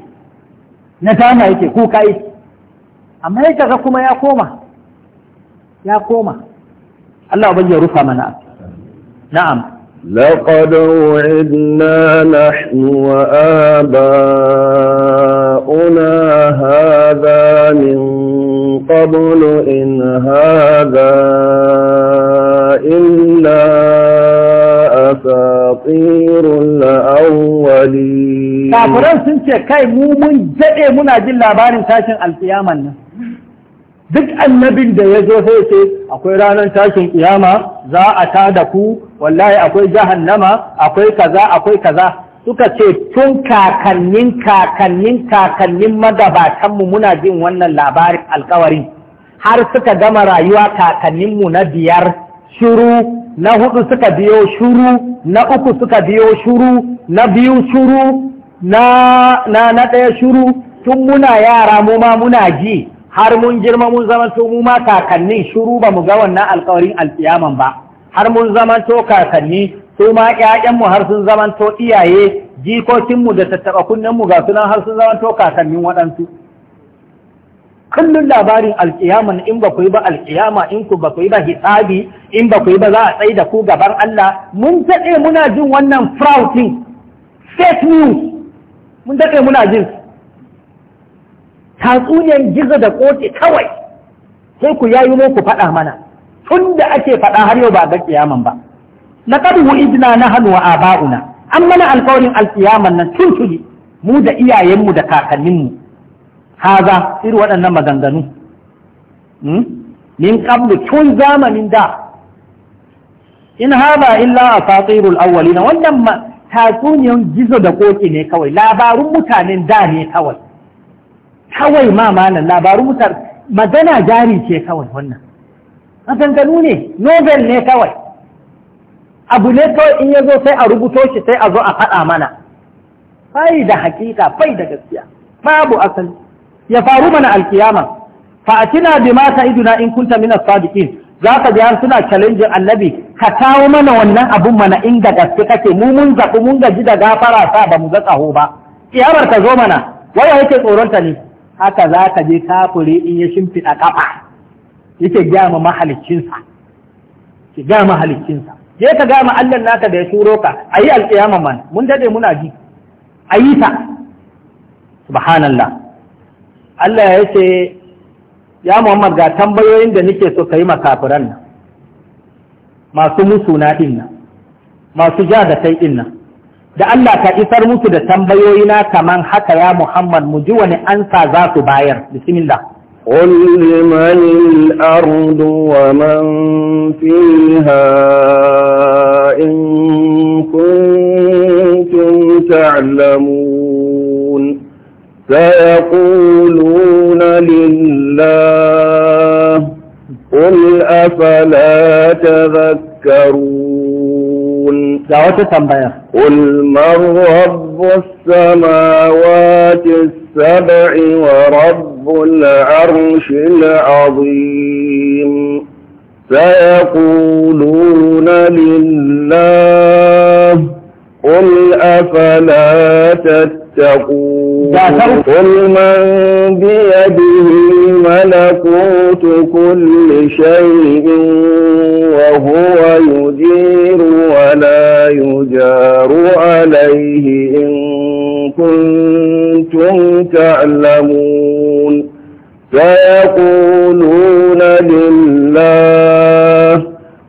na dama yake kuka yake amma ya kaga kuma ya koma ya koma Allah ubangiji ya rufa mana na'am لقد وعدنا نحن وآباؤنا هذا من قبل إن هذا إلا أساطير الأولين كافران سنشي كاي مومن جئي منا جل بارن ساشن القيامة duk annabin da ya zo sai ce akwai ranar tashin kiyama za a ta da ku wallahi akwai jahannama akwai kaza akwai kaza suka ce tun kakannin kakannin kakannin magabatanmu muna jin wannan labarin alkawarin har suka gama rayuwa kakanninmu na biyar shuru na hudu suka biyo shuru na uku suka biyo shuru na biyu shuru na na ɗaya shuru tun muna yara mu ma muna ji har mun girma mun zama to mu ma kakannin shuru ba mu ga wannan alƙawarin alƙiyaman ba har mun zama to kakanni su ma mu har sun zama to iyaye jikokinmu da tattaɓa mu ga sunan har sun zama to kakannin waɗansu kullun labarin alkiyama in ba ku yi ba alkiyama in ku ba ku yi ba hisabi in ba ku yi ba za a tsai da ku gaban Allah mun daɗe muna jin wannan frauting fake news mun daɗe muna jin tatsuniyar gizo da koke kawai sai ku yayi ku faɗa mana tun da ake faɗa har yau ba ga kiyaman ba Na na wu'idna nahnu wa aba'una an mana alƙawarin alƙiyaman nan tun tuni mu da iyayenmu da kakanninmu haza irin waɗannan maganganu hmm? min qablu tun zamanin da in haza illa awali na wannan tatsuniyar gizo da koki ne kawai labarun mutanen da ne kawai kawai ma malam labarun mutane magana jari ce kawai wannan maganganu ne novel ne kawai abu ne kawai in ya zo sai a rubuto shi sai a zo a faɗa mana fai da hakika bai da gaskiya babu asali ya faru mana alkiyama fa atina bima ta'iduna in kunta min as-sadiqin za ka ji har suna challenge annabi ka kawo mana wannan abun mana in da gaske kake mu mun zaku mun gaji da gafara sa ba mu ga tsaho ba kiyamar ka zo mana ya yake tsoron ta ne haka za ka je kafure in ya shimfiɗa kafa yake mahalicin sa ki mahalicin sa je ka gama Allah naka da ya turo ka ayi alkiyama man mun dade muna ji ayi ta subhanallah Allah ya ce ya Muhammad ga tambayoyin da nake so ka yi makafiran nan masu musu na inna, masu ja da kai inna, da Allah ka isar musu da tambayoyi na kaman haka ya Muhammad mu ji wani ansa za su bayar bismillah قل لمن الأرض ومن فيها إن كنتم سيقولون لله قل أفلا تذكرون قل من رب السماوات السبع ورب العرش العظيم سيقولون لله قل أفلا تتقون قل من بيده ملكوت كل شيء وهو يجير ولا يجار عليه إن كنتم تعلمون فيقولون لله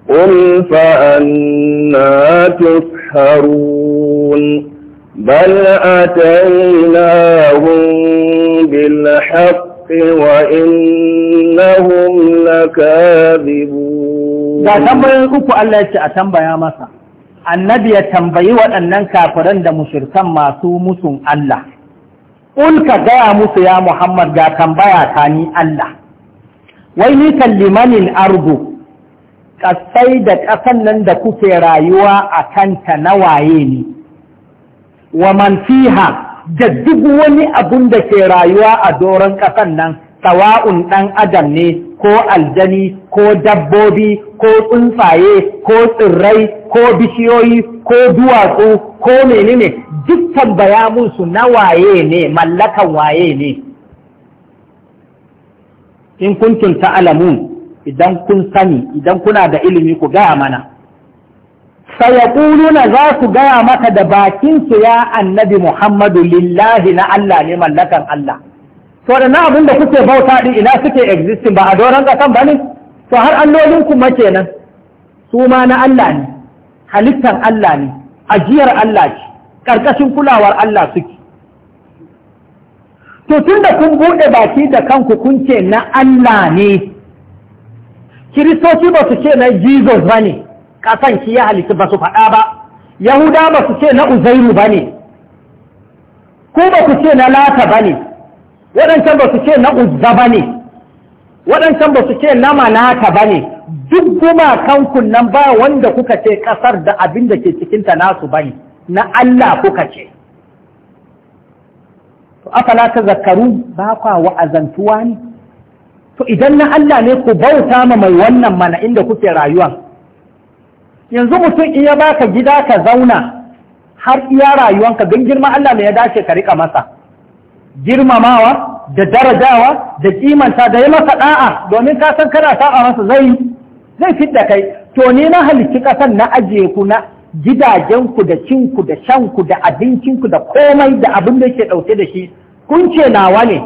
قل فأنا تسحرون بل أتيناهم بالحق وإنهم لكاذبون da tambayoyi uku Allah ya ce a tambaya masa annabi ya tambayi waɗannan kafiran da mushirkan masu musun Allah Ulka gaya musu ya Muhammad ga tambaya ta ni Allah wai ni limanin ardu kasai da ƙasan nan da kuke rayuwa a kanta na waye ne wa man fiha da duk wani abun da ke rayuwa a doron ƙasan nan tsawa'un ɗan adam ne ko aljani ko dabbobi ko tsuntsaye ko tsirrai ko bishiyoyi ko duwatsu ko menene dukkan su na waye ne mallakan waye ne in kuntun ta'alamun idan kun sani idan kuna da ilimi ku gaya mana sayakuluna za su gaya maka da bakinsu ya annabi Muhammadu lillahi na Allah ne mallakan Allah to da na abin da kuke bauta din ina suke existing ba a doron kasan ba ne to har allolin ku mace nan su ma na Allah ne halittar Allah ne ajiyar Allah ce Ƙarƙashin kulawar Allah suke to da kun buɗe baki da kanku kun ce na Allah ne kiristoci ba su ce na Jesus ba ne kasan shi ya halittu ba su faɗa ba yahuda ba su ce na uzairu ba ne ko ba ku ce na lata ba ne waɗancan ba su ce na uzza ba ne waɗancan ba su ce na manata ba ne duk gumakan nan ba wanda kuka ce ƙasar da abin da ke cikinta nasu ba ne na Allah kuka ce to afala ta zakaru ba kwa wa'azantuwa ne to idan na Allah ne ku bauta ma mai wannan mana inda kuke rayuwa yanzu mutum iya ya baka gida ka zauna har iya rayuwanka don girma Allah mai ya dace ka rika masa girmamawa da darajawa da kimanta da ya masa da'a domin ka san kana sa'a masa zai zai da kai to ni na halicci kasan na ajiye ku na gidajenku da cinku da shanku da abincinku da komai da abin da yake ɗauke da shi kun ce nawa ne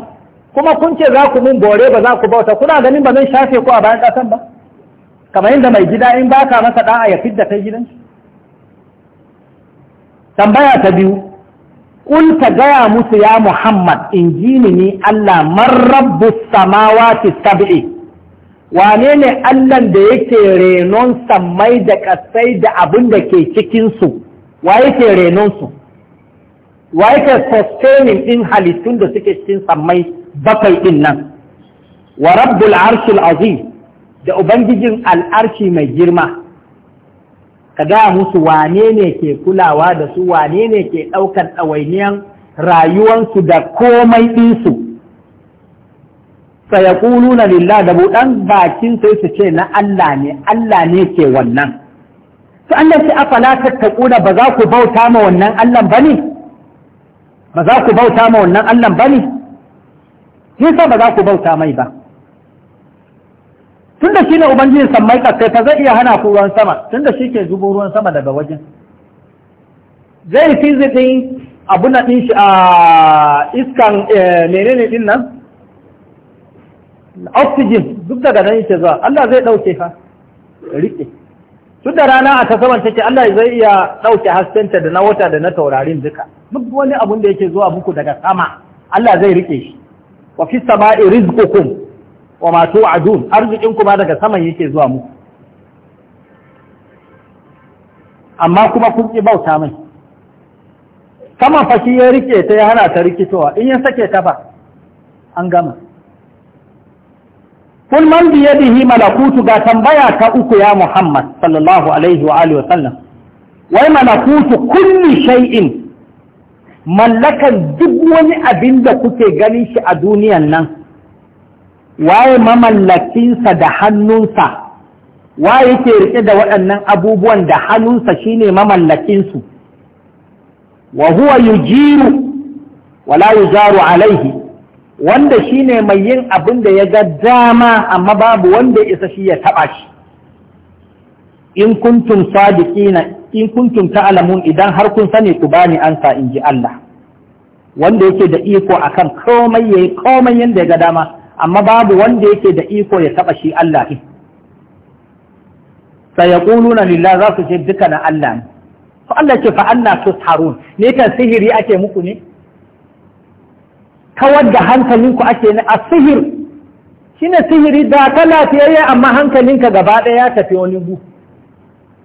kuma kun ce za ku min bore ba za ku bauta kuna ganin ba zan shafe ku a bayan ƙasar ba kamar yadda mai gida in baka masa da'a ya fidda kai gidan tambaya ta biyu kul ka gaya musu ya muhammad in ji ni ni allah Marrabbu rabbu samawati sab'i wane ne da yake renon sammai da kasai da abin da ke cikinsu wa yake su? wa yake sustaining din halittun da suke cikin sammai bakwai din nan wa rabbul arshil azim da ubangijin al'arshi mai girma ka gaya musu wane ne ke kulawa da su wane ne ke ɗaukar ɗawainiyan rayuwansu da komai ɗinsu sayakulu na lillah da buɗan bakin sai su ce na Allah ne Allah ne ke wannan su Allah ce afala ƙuna ba za ku bauta ma wannan Allah ba ne ba za ku bauta ma wannan Allah ba ne ba za ku bauta mai ba tun da shi ne ubangiji sammai kasai fa zai iya hana ku ruwan sama tun da shi ke zubo ruwan sama daga wajen zai fi zidin abu na ɗin shi a iskan eh, menene ɗin nan oxygen duk daga nan yake zuwa Allah zai ɗauke fa riƙe tun da rana a ta saman take Allah zai iya ɗauke haskenta da na wata da na taurarin duka duk wani abun da yake zuwa muku daga sama Allah zai riƙe shi wa fi sama'i rizqukum wa ma adun arzikin ba daga saman yake zuwa muku amma kuma kun ki bauta mai saman fashi ya rike ta ya hana ta rikitowa in ya sake ta ba an gama kul man bi yadihi malakutu ga tambaya ta uku ya Muhammad sallallahu alaihi wa alihi wa sallam wai malakutu kulli shay'in mallakan duk wani abin da kuke ganin shi a duniyan nan waye mamallakinsa da hannunsa waye yake rike da waɗannan abubuwan da hannunsa shine mamallakinsu wa huwa yujiru wala yujaru alaihi wanda shine mai yin abin da ya ga dama amma babu wanda isa shi ya taɓa shi in kuntum sadiqina in kuntum ta'lamun idan har kun sani ku bani ansa in ji Allah wanda yake da iko akan komai yayi komai yanda ya ga dama amma babu wanda yake da iko ya taba shi Allah din sai na lillah za su ce duka na Allah ne to Allah ce fa Allah tusharun ne kan sihiri ake muku ne kawar da hankalinku ake ne a Shi shine sihiri da ta lafiyayye amma hankalinka gaba ɗaya ya tafi wani gu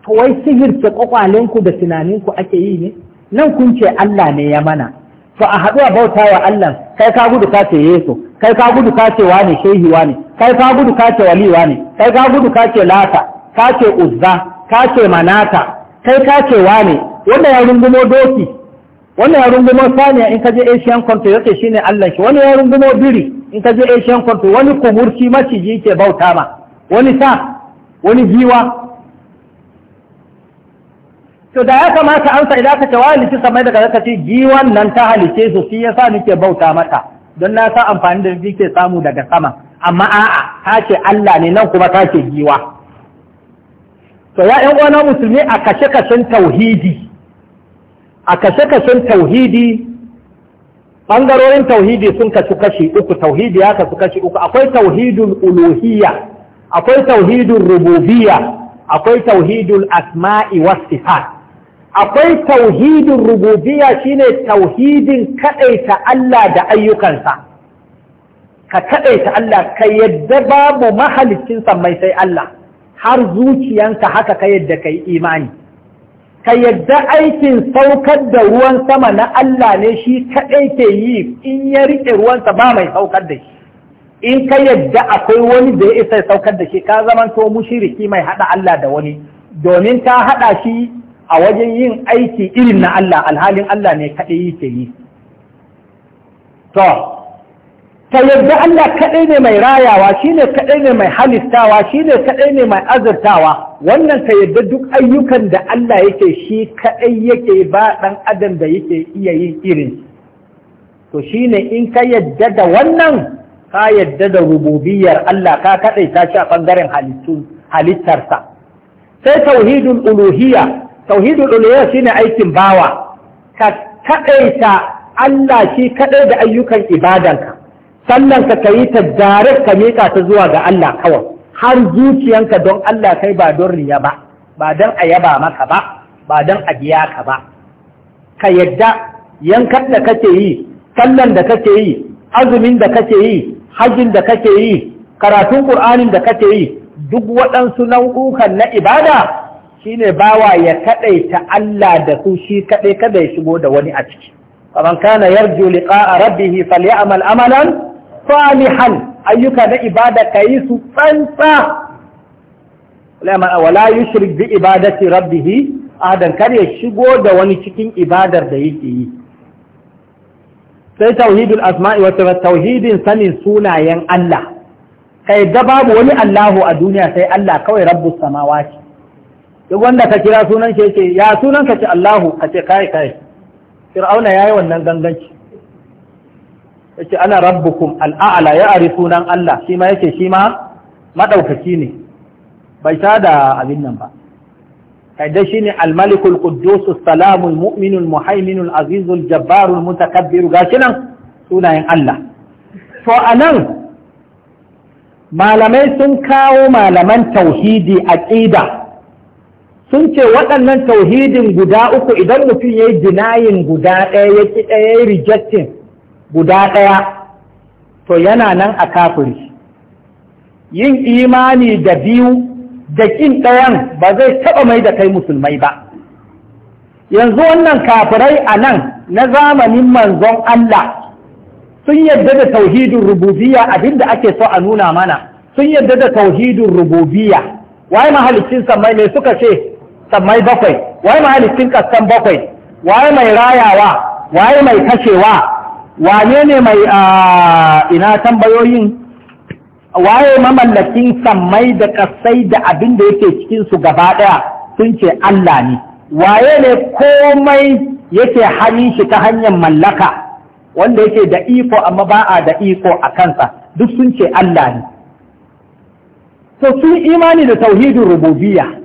to wai sihir ce kwakwalinku da tunaninku ake yi ne nan kun ce Allah ne ya mana Fa a haɗu a bauta wa Allah kai ka gudu ka ce Yesu kai ka gudu ka ce wane shehi wane kai ka gudu ka ce wali wane kai ka gudu ka ce lata ka ce uzza ka ce manata kai ka ce wane wanda ya rungumo doki wanda ya rungumo saniya in ka je Asian country yake shine Allah shi wani ya rungumo biri in ka je Asian country wani kumurci maciji ke bauta ma wani sa wani giwa to da ya kamata amsa idan ka ce wa samai daga zaka ce giwan nan ta halice su shi yasa nake bauta mata don na san amfani da ke samu daga sama amma a'a ta ce Allah ne nan kuma ta ce giwa to ya ƴan uwana musulmi a kashe kashen tauhidi a kashe kashen tauhidi bangarorin tauhidi sun kasu kashi uku tauhidi ya kasu kashi uku akwai tauhidul uluhiyya akwai tauhidul rububiyya akwai tauhidul asma'i was sifat akwai tauhidin rububiya shine tauhidin kaɗaita Allah da ayyukansa ka kadaita Allah ka yadda babu mahalicin mai sai Allah har zuciyanka haka ka yadda kai imani ka yadda aikin saukar da ruwan sama na Allah ne shi kaɗai ke yi in ya riƙe ruwansa ba mai saukar da shi in ka yadda akwai wani da ya isa saukar da shi ka zamanto mushiriki mai haɗa Allah da wani domin ta haɗa shi a wajen yin aiki irin na Allah alhalin Allah ne kaɗai yake yi to ta yadda Allah kaɗai ne mai rayawa shi ne kaɗai ne mai halittawa shi ne kaɗai ne mai azurtawa wannan ta yadda duk ayyukan da Allah yake shi kaɗai yake ba ɗan adam da yake iya yin irin to shi ne in ka yadda da wannan ka yadda da rububiyar Allah ka kaɗai ta shi a ɓangaren halittarsa sai tauhidul uluhiyya tauhidul uluhiyya shine aikin bawa ka kadaita Allah shi kadai da ayyukan ibadanka sannan ka yi ta direct ka mika ta zuwa ga Allah kawai har zuciyanka don Allah kai ba don riya ba ba don a yaba maka ba ba don a biya ka ba ka yadda yankan da kake yi sallan da kake yi azumin da kake yi hajjin da kake yi karatun ƙur'anin da kake yi duk waɗansu nau'ukan na ibada shine bawa ya kadaita Allah da su shi kadai kada ya shigo da wani a ciki faman kana yarju liqa'a rabbih falyamal amalan salihan ayyuka da ibada kai su tsantsa wala yushrik bi ibadati rabbih ahadan kada ya shigo da wani cikin ibadar da yake yi sai tauhidul asma'i wa tauhidin sanin sunayen Allah kai da babu wani Allahu a duniya sai Allah kawai rabbus samawati duk wanda ka kira sunan shi yake ya sunan ka ce Allahu ka ce kai kai Fir'auna yi wannan ganganci yace ana rabbukum al'a'la ya ari sunan Allah shi ma yace shi ma madaukaki ne bai ta da abin nan ba kaida shine al-malikul quddus salamul mu'minul muhaiminul azizul jabbarul mutakabbir gashi nan sunayen Allah to anan malamai sun kawo malaman tauhidi aqida sun ce waɗannan tauhidin guda uku idan mutum ya yi dinayin guda ɗaya ya ƙi ɗaya ya yi rejectin guda ɗaya to yana nan a kafiri yin imani da biyu da ƙin ɗayan ba zai taɓa mai da kai musulmai ba yanzu wannan kafirai a nan na zamanin manzon Allah sun yadda da tauhidin rububiya abinda ake so a nuna mana sun yadda da tauhidin rububiya wai mahalicin samai mai suka ce sammai bakwai waye halittun kasan bakwai waye mai rayawa waye mai kashewa wane ne mai ina tambayoyin waye mamallakin sammai da kasai da abin da yake cikinsu gaba ɗaya sun ce Allah ne waye ne komai yake hannun shi ta hanyar mallaka wanda yake da iko amma ba a da iko a kansa duk sun ce Allah ne to sun imani da tauhidin rububiyya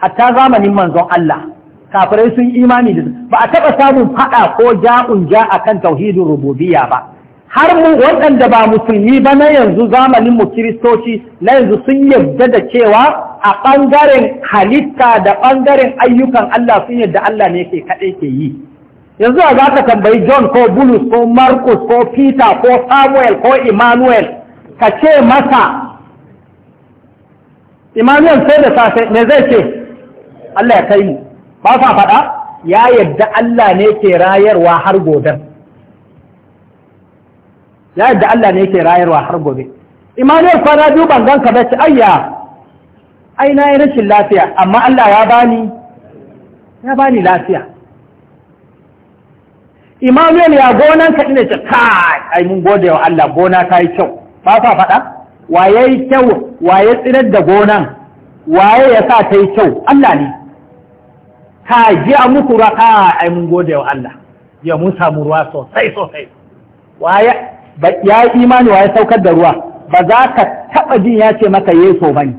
hatta zamanin manzon Allah kafirai sun imani da ba a taɓa samun faɗa ko ja'un ja a kan tauhidin rububiyya ba har mu waɗanda ba musulmi ba na yanzu zamanin mu kiristoci na yanzu sun yarda da cewa a ɓangaren halitta da ɓangaren ayyukan Allah sun yadda Allah ne ke kaɗai ke yi yanzu a za ka tambayi John ko Bulus ko Marcus ko Peter ko Samuel ko Emmanuel ka ce masa Emmanuel sai da safe me zai ce Allah ya kai mu ba sa faɗa ya yadda Allah ne ke rayarwa har gobe ya yadda Allah ne ke rayarwa har gobe imaniyar kwana biyu ban ganka ba ce ayya ai na yi rashin lafiya amma Allah ya bani ya bani lafiya imanuel ya gonan ka ina ce kai ai mun gode wa Allah gona ta yi kyau ba sa faɗa waye kyau waye tsirar da gonan waye ya sa ta yi kyau Allah ne ka jiya muku ruwa ka ai mun gode wa Allah ya mun samu ruwa sosai sosai Wa ya imani ya saukar da ruwa ba za ka taba jin ya ce maka yeso bane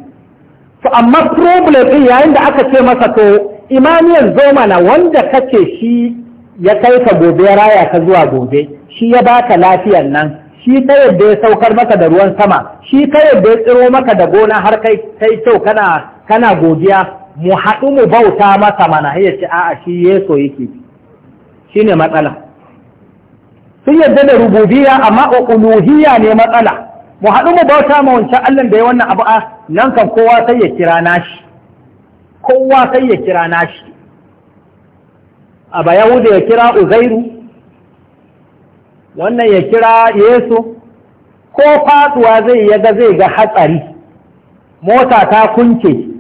to amma problem din yayin da aka ce masa to imaniyan zo mana wanda kace shi ya kai ka gobe ya raya ka zuwa gobe shi ya baka lafiyar nan shi ta yadda ya saukar maka da ruwan sama shi ta yadda ya tsiro maka da gona har kai kai kyau kana kana godiya mu haɗu mu bauta masa mana ya ce a'a shi yeso yake shi ne matsala sun yadda da rububiya amma uluhiya ne matsala mu haɗu mu bauta ma wancan Allah da ya wannan abu a nan kan kowa sai ya kira nashi kowa sai ya kira nashi a ba yahuda ya kira uzairu wannan ya kira yesu ko fatuwa zai yaga zai ga hatsari mota ta kunce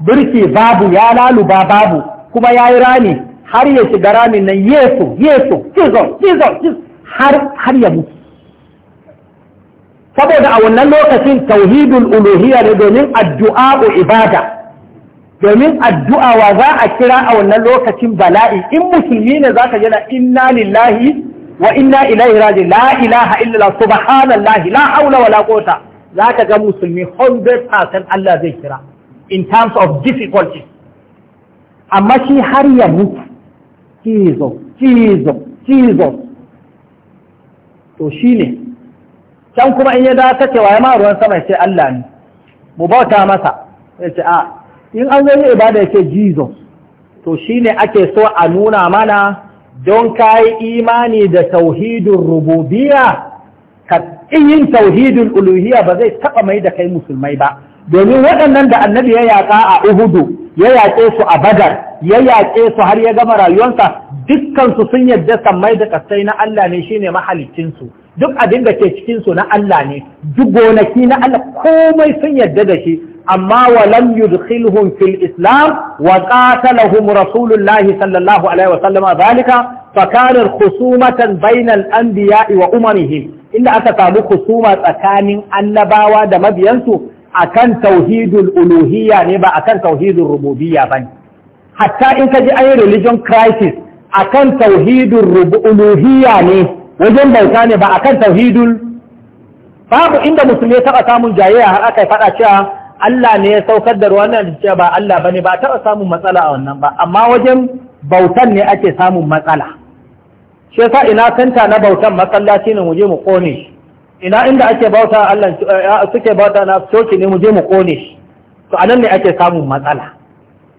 birki babu ya laluba babu kuma ya yi rami har ya shiga ramin nan yeso yeso jesus jesus har har ya mutu saboda a wannan lokacin tauhidul uluhiyya ne domin addu'a ibada domin addu'a wa za a kira a wannan lokacin bala'i in musulmi ne za ka yana inna lillahi wa inna ilaihi raji la ilaha illallah subhanallahi la haula wa la quwwata za ka ga musulmi 100% Allah zai kira in terms of difficulty amma shi har yanzu Jesus, Jesus, Jesus. to shi ne can kuma in ya da ta cewa ya ma ruwan sama ya ce Allah ne mu bauta masa ya ce a in an zo yi ibada ya ce Jesus, to shi ne ake so a nuna mana don kayi imani da tauhidun rububiya ka yin tauhidun uluhiya ba zai taɓa mai da kai musulmai ba domin waɗannan da annabi ya yaƙa a uhudu ya yaƙe su a badar ya yaƙe su har ya gama rayuwarsa dukkansu sun yadda sammai da kasai na Allah ne shine mahalicinsu duk abin da ke cikinsu na Allah ne duk gonaki na Allah komai sun yadda da shi amma walam yudkhilhum fil islam wa qatalahum rasulullah sallallahu alaihi wa sallama zalika fakarar khusumatan bainal anbiya'i wa umarihim inda aka samu khusuma tsakanin annabawa da mabiyansu akan tauhidul uluhiyya ne ba akan tauhidul rububiyya bane hatta in ka ji ayi religion crisis akan tauhidul uluhiyya ne wajen bauta ne ba akan tauhidul babu inda musulmi ya taba samun jayayya har aka faɗa cewa Allah ne ya saukar da ruwan nan cewa ba Allah bane ba taɓa samun matsala a wannan ba amma wajen bautan ne ake samun matsala shi yasa ina kanta na bautan masallaci ne mu je mu kone shi ina inda ake bauta Allah eh, suke bauta na coci ne mu je mu kone shi to anan ne ake samun matsala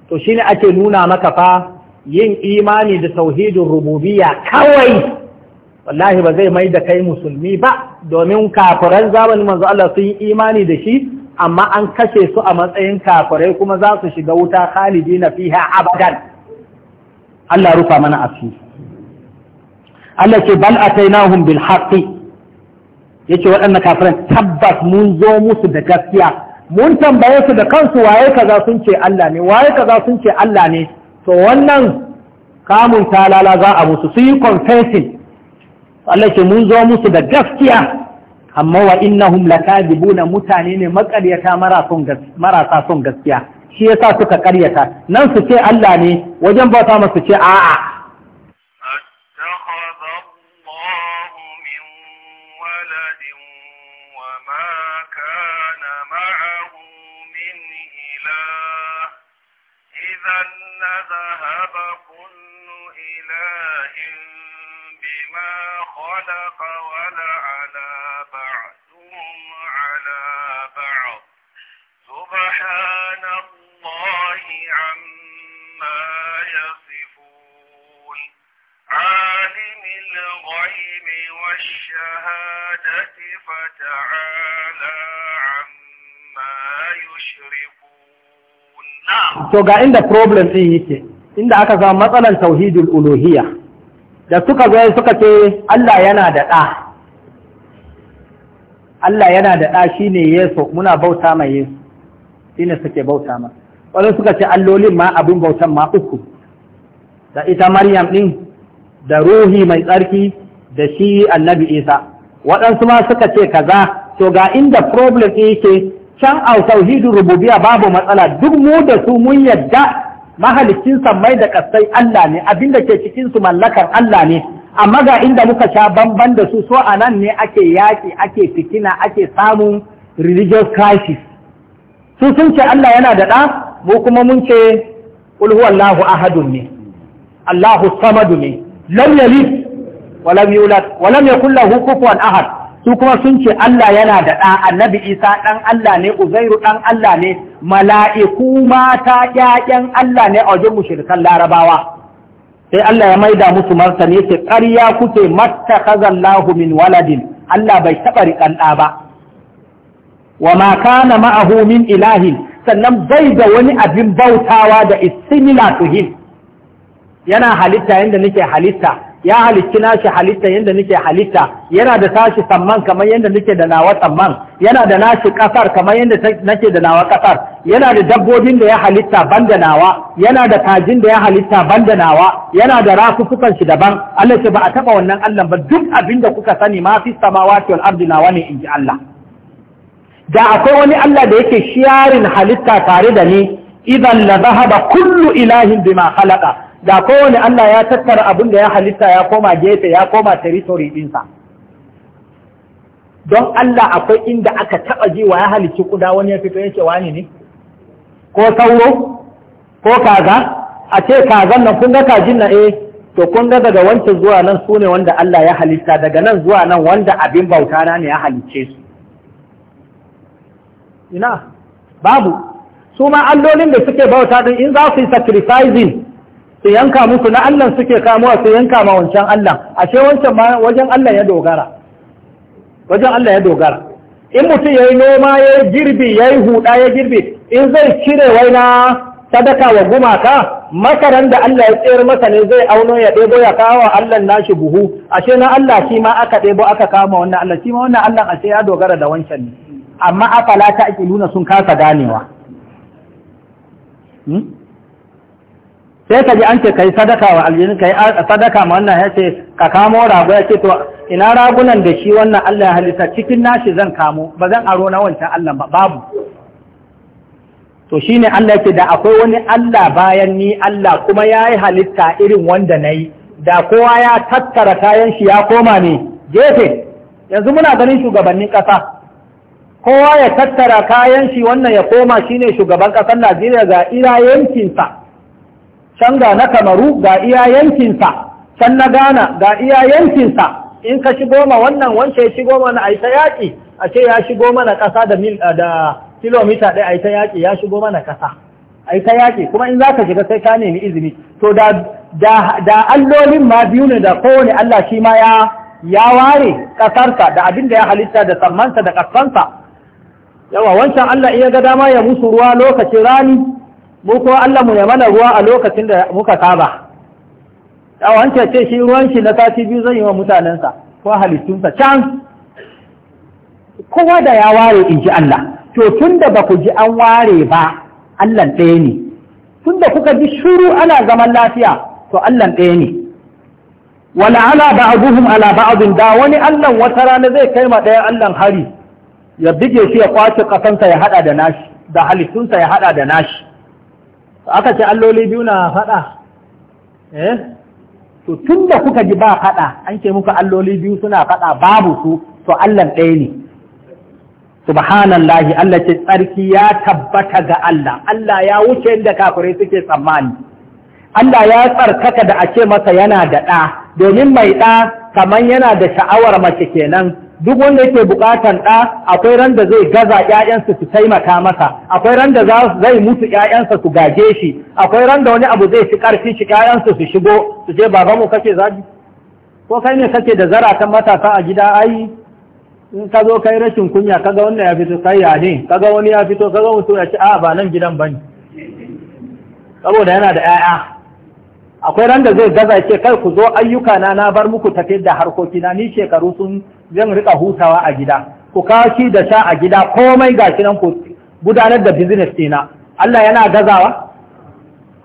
to shine ake nuna maka fa yin imani da tauhidin rububiyya kawai wallahi ba zai mai da kai musulmi ba domin kafiran zamanin manzo Allah sun yi imani da shi amma an kashe su a matsayin kafirai kuma za su shiga wuta na fiha abadan Allah rufa mana asiri Allah ce bal atainahum bil haqqi ya ce waɗannan kafiran tabbas mun zo musu da gaskiya mun tambaye su da kansu waye kaza sun ce Allah ne waye kaza sun ce Allah ne to wannan kamun talala za a musu su yi confessing Allah ce mun zo musu da gaskiya amma wa innahum lakadibuna mutane ne makaryata marasa son gaskiya shi yasa suka karyata nan su ce Allah ne wajen bauta masu ce a'a والشهادة فتعالى عما يشركون تو ga inda problem din yake inda aka ga matsalan tauhidul uluhiyya da suka zo suka ce Allah yana da ɗa Allah yana da ɗa shine Yesu muna bauta ma Yesu shine suke bauta ma wani suka ce allolin ma abin bautan ma uku da ita Maryam ɗin da ruhi mai tsarki da shi annabi isa waɗansu ma suka ce kaza to ga inda problem ɗin yake can a tauhidin rububiya babu matsala duk mu da su mun yadda mahalicin sammai da kasai Allah ne abinda ke cikin su mallakar Allah ne amma ga inda muka sha bamban da su so a nan ne ake yaƙi ake fitina ake samun religious crisis su sun ce Allah yana da ɗa mu kuma mun ce ulhu Allahu ahadun ne Allahu samadu ne lam yalid walam yulad walam yakul lahu kufuwan ahad su kuma sun ce Allah yana da ɗa annabi Isa ɗan Allah ne Uzairu ɗan Allah ne mala'iku mata ƴaƴan Allah ne a wajen mushrikan Larabawa sai Allah ya maida musu martani ce ƙarya kuke mattakhazallahu min waladin Allah bai taɓa riƙan ɗa ba wa ma kana ma'ahu min ilahin sannan bai da wani abin bautawa da istimila yana halitta yadda nake halitta ya halitti nashi halitta yadda nake halitta yana da tashi samman kamar yadda nake da nawa samman yana da nashi kasar kamar yadda nake da nawa kasar yana da dabbobin da ya halitta ban da nawa yana da kajin da ya halitta ban da nawa yana da rafufukan shi daban Allah ce ba a taba wannan Allah ba duk abin da kuka sani ma fi samawati wal ardi nawa ne inji Allah da akwai wani Allah da yake shiyarin halitta tare da ni idan la zahaba kullu ilahin bima khalaqa da kowane Allah ya tattara abin da ya halitta ya koma gefe ya koma territory ɗinsa don Allah akwai inda aka taɓa ji wa ya halicci kuda wani ya fito yake wani ne ko sauro ko kaza a ce kazan nan kun ga kajin na eh to kun daga wancan zuwa nan su ne wanda Allah ya halitta daga nan zuwa nan wanda abin bauta na ne ya halicce su ina babu su ma allolin da suke bauta din in za su yi sacrificing su yanka musu na Allah suke kamuwa su yanka ma wancan Allah ashe wancan ma wajen Allah ya dogara wajen Allah ya dogara in mutum yayi noma ya girbi yayi huda ya girbi in zai cire waina sadaka wa gumaka makaran da Allah ya tsayar masa ne zai auno ya ɗebo ya kawo Allah nashi buhu ashe na Allah shi ma aka ɗebo aka kama wannan Allah shi ma wannan Allah ashe ya dogara da wancan ne amma afala ta sun kasa ganewa hmm? sai ka ji an ce ka yi sadaka wa aljini ka yi sadaka ma wannan ya ce ka kamo rago ya ce to ina ragunan da shi wannan Allah ya halitta cikin nashi zan kamo ba zan aro na wancan Allah ba babu to shine Allah yake da akwai wani Allah bayan ni Allah kuma ya yi halitta irin wanda na yi da kowa ya tattara kayan shi ya koma ne gefe yanzu muna ganin shugabannin ƙasa kowa ya tattara kayan shi wannan ya koma shine shugaban ƙasar Najeriya ga ira yankinsa can ga na kamaru ga iya yankinsa can na gana ga iya yankinsa in ka shigo ma wannan wance ya shigo mana a yaƙi a ce ya shigo mana ƙasa da kilomita ɗaya a yaƙi ya shigo mana ƙasa a yaƙi kuma in za ka shiga sai ka nemi izini to da allolin ma biyu ne da kowane allah shi ma ya ware ƙasarsa da abin da ya halitta da tsammansa da ƙasansa yawa wancan allah iya ga dama ya musu ruwa lokacin rani mu ko Allah mu ya mana ruwa a lokacin da muka saba a wancan ce shi ruwan shi na sati biyu zan yi wa mutanensa ko halittunsa can kowa da ya ware in ji Allah to tun da ba ku ji an ware ba Allah ɗaya ne tun da kuka ji shuru ana zaman lafiya to Allah ɗaya ne wala ala ba'duhum ala ba'din da wani Allah wata rana zai kai ma ɗaya Allah hari ya bige shi ya kwace kasansa ya hada da nashi da halittunsa ya haɗa da nashi aka ce alloli biyu na faɗa eh to tun da kuka ji ba faɗa an ce muka alloli biyu suna faɗa babu su to Allah ɗaya ne subhanallahi Allah ce tsarki ya tabbata ga Allah Allah ya wuce inda kafirai suke tsammani Allah ya tsarkaka da a ce masa yana da ɗa domin mai ɗa kamar yana da sha'awar mace kenan duk wanda yake bukatan ɗa akwai ran da zai gaza ƴaƴansa su taimaka masa akwai ran da zai mutu ƴaƴansa su gaje shi akwai ran da wani abu zai fi ƙarfi shi ƴaƴansa su shigo su je baba mu kake zaji ko kai ne kake da ta matasa a gida ai in ka zo kai rashin kunya kaga wannan ya fito kai ya ne kaga wani ya fito kaga mutum ya ce a ba nan gidan bane saboda yana da ‘ya'ya akwai ran da zai gaza ce kai ku zo ayyuka na na bar muku tafiyar da harkokina ni shekaru sun zan rika hutawa a gida ku kashi da sha a gida komai gashi nan ku gudanar da business ɗina Allah yana gazawa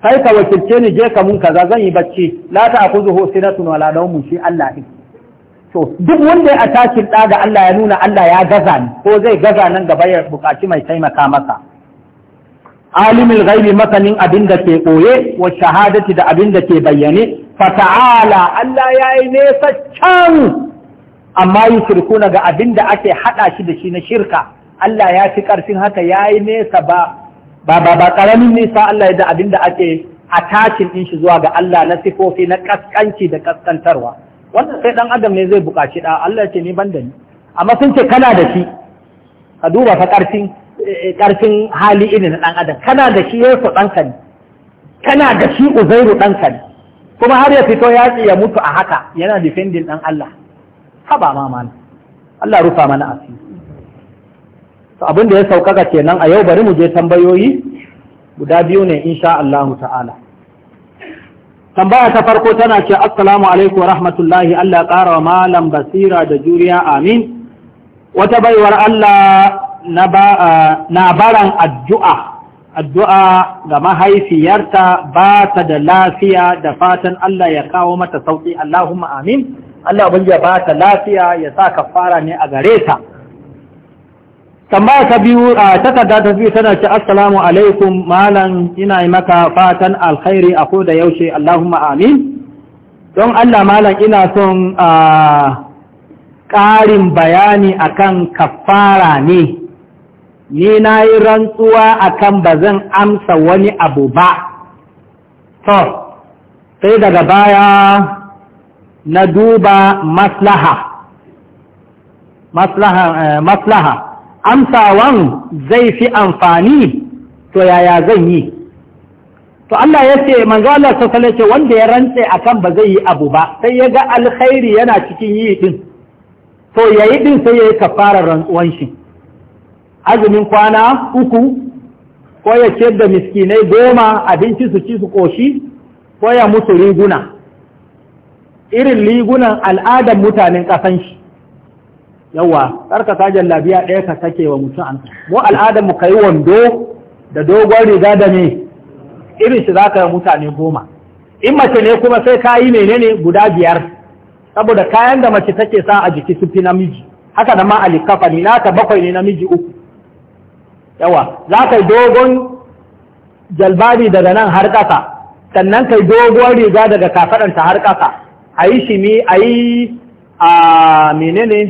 kai ka wakilce ni je ka mun kaza zan yi bacci la ta akuzu husinatun wala naumun shi Allah din to duk wanda ya atakin da ga Allah ya nuna Allah ya gaza ni ko zai gaza nan gaba ya bukaci mai taimaka masa alimul ghaibi makanin abin da ke koye wa shahadati da abin da ke bayyane fata'ala. Allah ya yi nesa can amma yi na ga abin da ake haɗa shi da shi na shirka Allah ya fi ƙarfin haka ya yi nesa ba ba ba ƙaramin nisa Allah ya da abin da ake attachin din shi zuwa ga Allah na sifofi na kaskanci da kaskantarwa wannan sai dan adam ne zai buƙaci da Allah ya ce ni ban da ni amma sun ce kana da shi ka duba fa ƙarfin ƙarfin eh, hali irin na dan adam kana da shi Yesu dan ka ne kana da shi Uzairu dan ne kuma har ya fito ya ya mutu a haka yana defending ɗan Allah haba ma mana Allah rufa mana asiri to abin da ya saukaka kenan a yau bari mu je tambayoyi guda biyu ne insha Allah ta'ala tambaya ta farko tana ce assalamu alaikum wa rahmatullahi Allah ƙara malam basira da juriya amin wata baiwar Allah na baran addu'a addu'a ga mahaifiyarta ba ta da lafiya da fatan Allah ya kawo mata sauƙi Allahumma amin Allah abin ya ta lafiya ya sa kafara ne a gare ta tambaya ta biyu a takarda ta biyu tana ce assalamu alaikum malam ina yi maka fatan alkhairi a ko da yaushe Allahumma amin don Allah malam ina son a ƙarin bayani akan kafara ne ni na yi rantsuwa akan ba zan amsa wani abu ba to sai daga baya na duba maslaha maslaha eh, maslaha amsawan zai fi amfani to yaya zan yi to Allah ya ce manzo Allah sallallahu ce, wanda ya rantse akan ba zai yi abu ba sai ya ga alkhairi yana cikin yi din to yayi din sai yayi kafarar rantsuwan shi azumin kwana uku ko ya ce da miskinai goma abinci su ci su ƙoshi, ko ya musu riguna irin ligunan al'adar mutanen ƙasan shi yawa karka sa jallabiya ɗaya ka sake wa mutum an mu al'adar mu yi wando da dogon riga da ne irin shi ka yi mutane goma in mace ne kuma sai ka yi menene guda biyar saboda kayan da mace take sa a jiki sun fi namiji haka da ma alikafa ne naka bakwai ne namiji uku yawa za ka yi dogon jalbabi daga nan har ƙasa sannan kai dogon riga daga kafaɗanta har ƙasa a yi shimi a yi a menene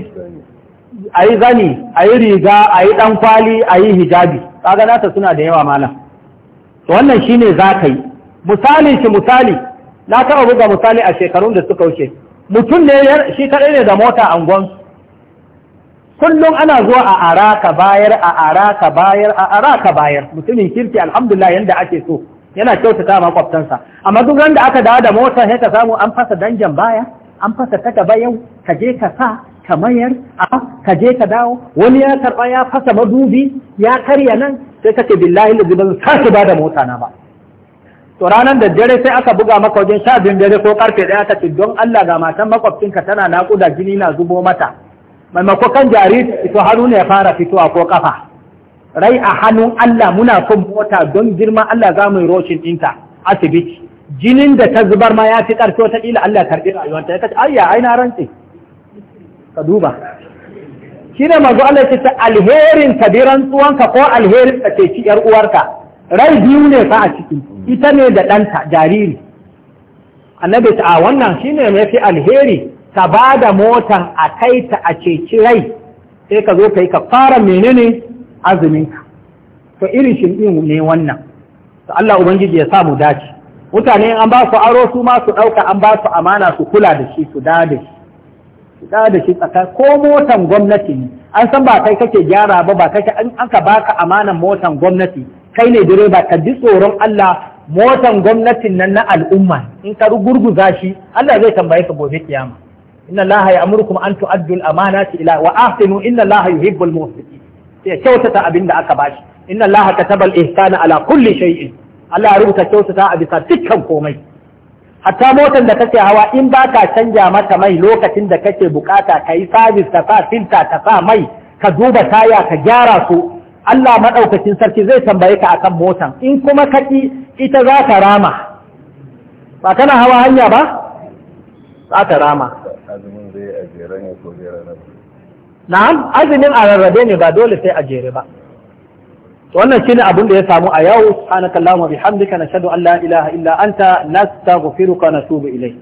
a yi zani a yi riga a yi ɗan a yi hijabi kaga nata suna da yawa malam to wannan shine za ka yi misali shi misali na taɓa buga misali a shekarun da suka wuce mutum ne shi kaɗai ne da mota angon kullum ana zuwa a araka bayar a araka bayar a araka bayar mutumin kirki alhamdulillah yadda ake so yana kyautata ma kwaftansa amma duk wanda aka dawo da mota sai ka samu an fasa danjan baya an fasa ta gaba yau ka je ka sa ka mayar a ka je ka dawo wani ya karba ya fasa madubi ya karya nan sai ce billahi lazi ban sake bada mota na ba to ranar da dare sai aka buga maka wajen sha biyun dare ko karfe daya ka ce don Allah ga matan makwabcinka tana naƙuda jini na zubo mata maimako kan jariri ito haruna ya fara fitowa ko kafa rai a hannun Allah muna kun mota don girma Allah za mu yi roshin ɗinta asibiti jinin da ta zubar ma ya fi ƙarfi wata ƙila Allah karɓi rayuwanta ya kace ayya ai na rantse ka duba ne mazu Allah ya ce alherin ka bi rantsuwanka ko alherin ka ce ci uwarka rai biyu ne fa a ciki ita ne da ɗanta jariri annabi ta wannan shine ne fi alheri ka ba da motan a kai ta a ceci rai sai ka zo ka yi ka fara menene azuminka to irin shimɗin ne wannan to Allah ubangiji ya sa mu dace mutane an ba su aro su ma su ɗauka an ba su amana su kula da shi su da da shi su da da shi tsakan ko motan gwamnati ne an san ba kai kake gyara ba ba kake an aka baka amanan motan gwamnati kai ne direba ka ji tsoron Allah motan gwamnatin nan na al'umma in ka gurguza shi Allah zai tambaye ka gobe kiyama inna Allah ya amurkum an tu'addu al-amanati ila wa ahsinu inna Allah yuhibbul muhsinin sai kyautata abin da aka bashi inna ka tabal ihsana ala kulli shay'in Allah ya rubuta kyautata a bisa dukkan komai hatta motar da kake hawa in ba ka canja mata mai lokacin da kake bukata ka yi sabis ka sa filta ka sa mai ka duba taya ka gyara su Allah maɗaukacin sarki zai tambaye ka akan motan in kuma ka ki ita za ta rama ba kana hawa hanya ba za ta rama na'am azumin a rarrabe ne ba dole sai a jere ba wannan shine abin da ya samu a yau subhanakallahumma bihamdika nashhadu an la ilaha illa anta nastaghfiruka wa natubu ilayk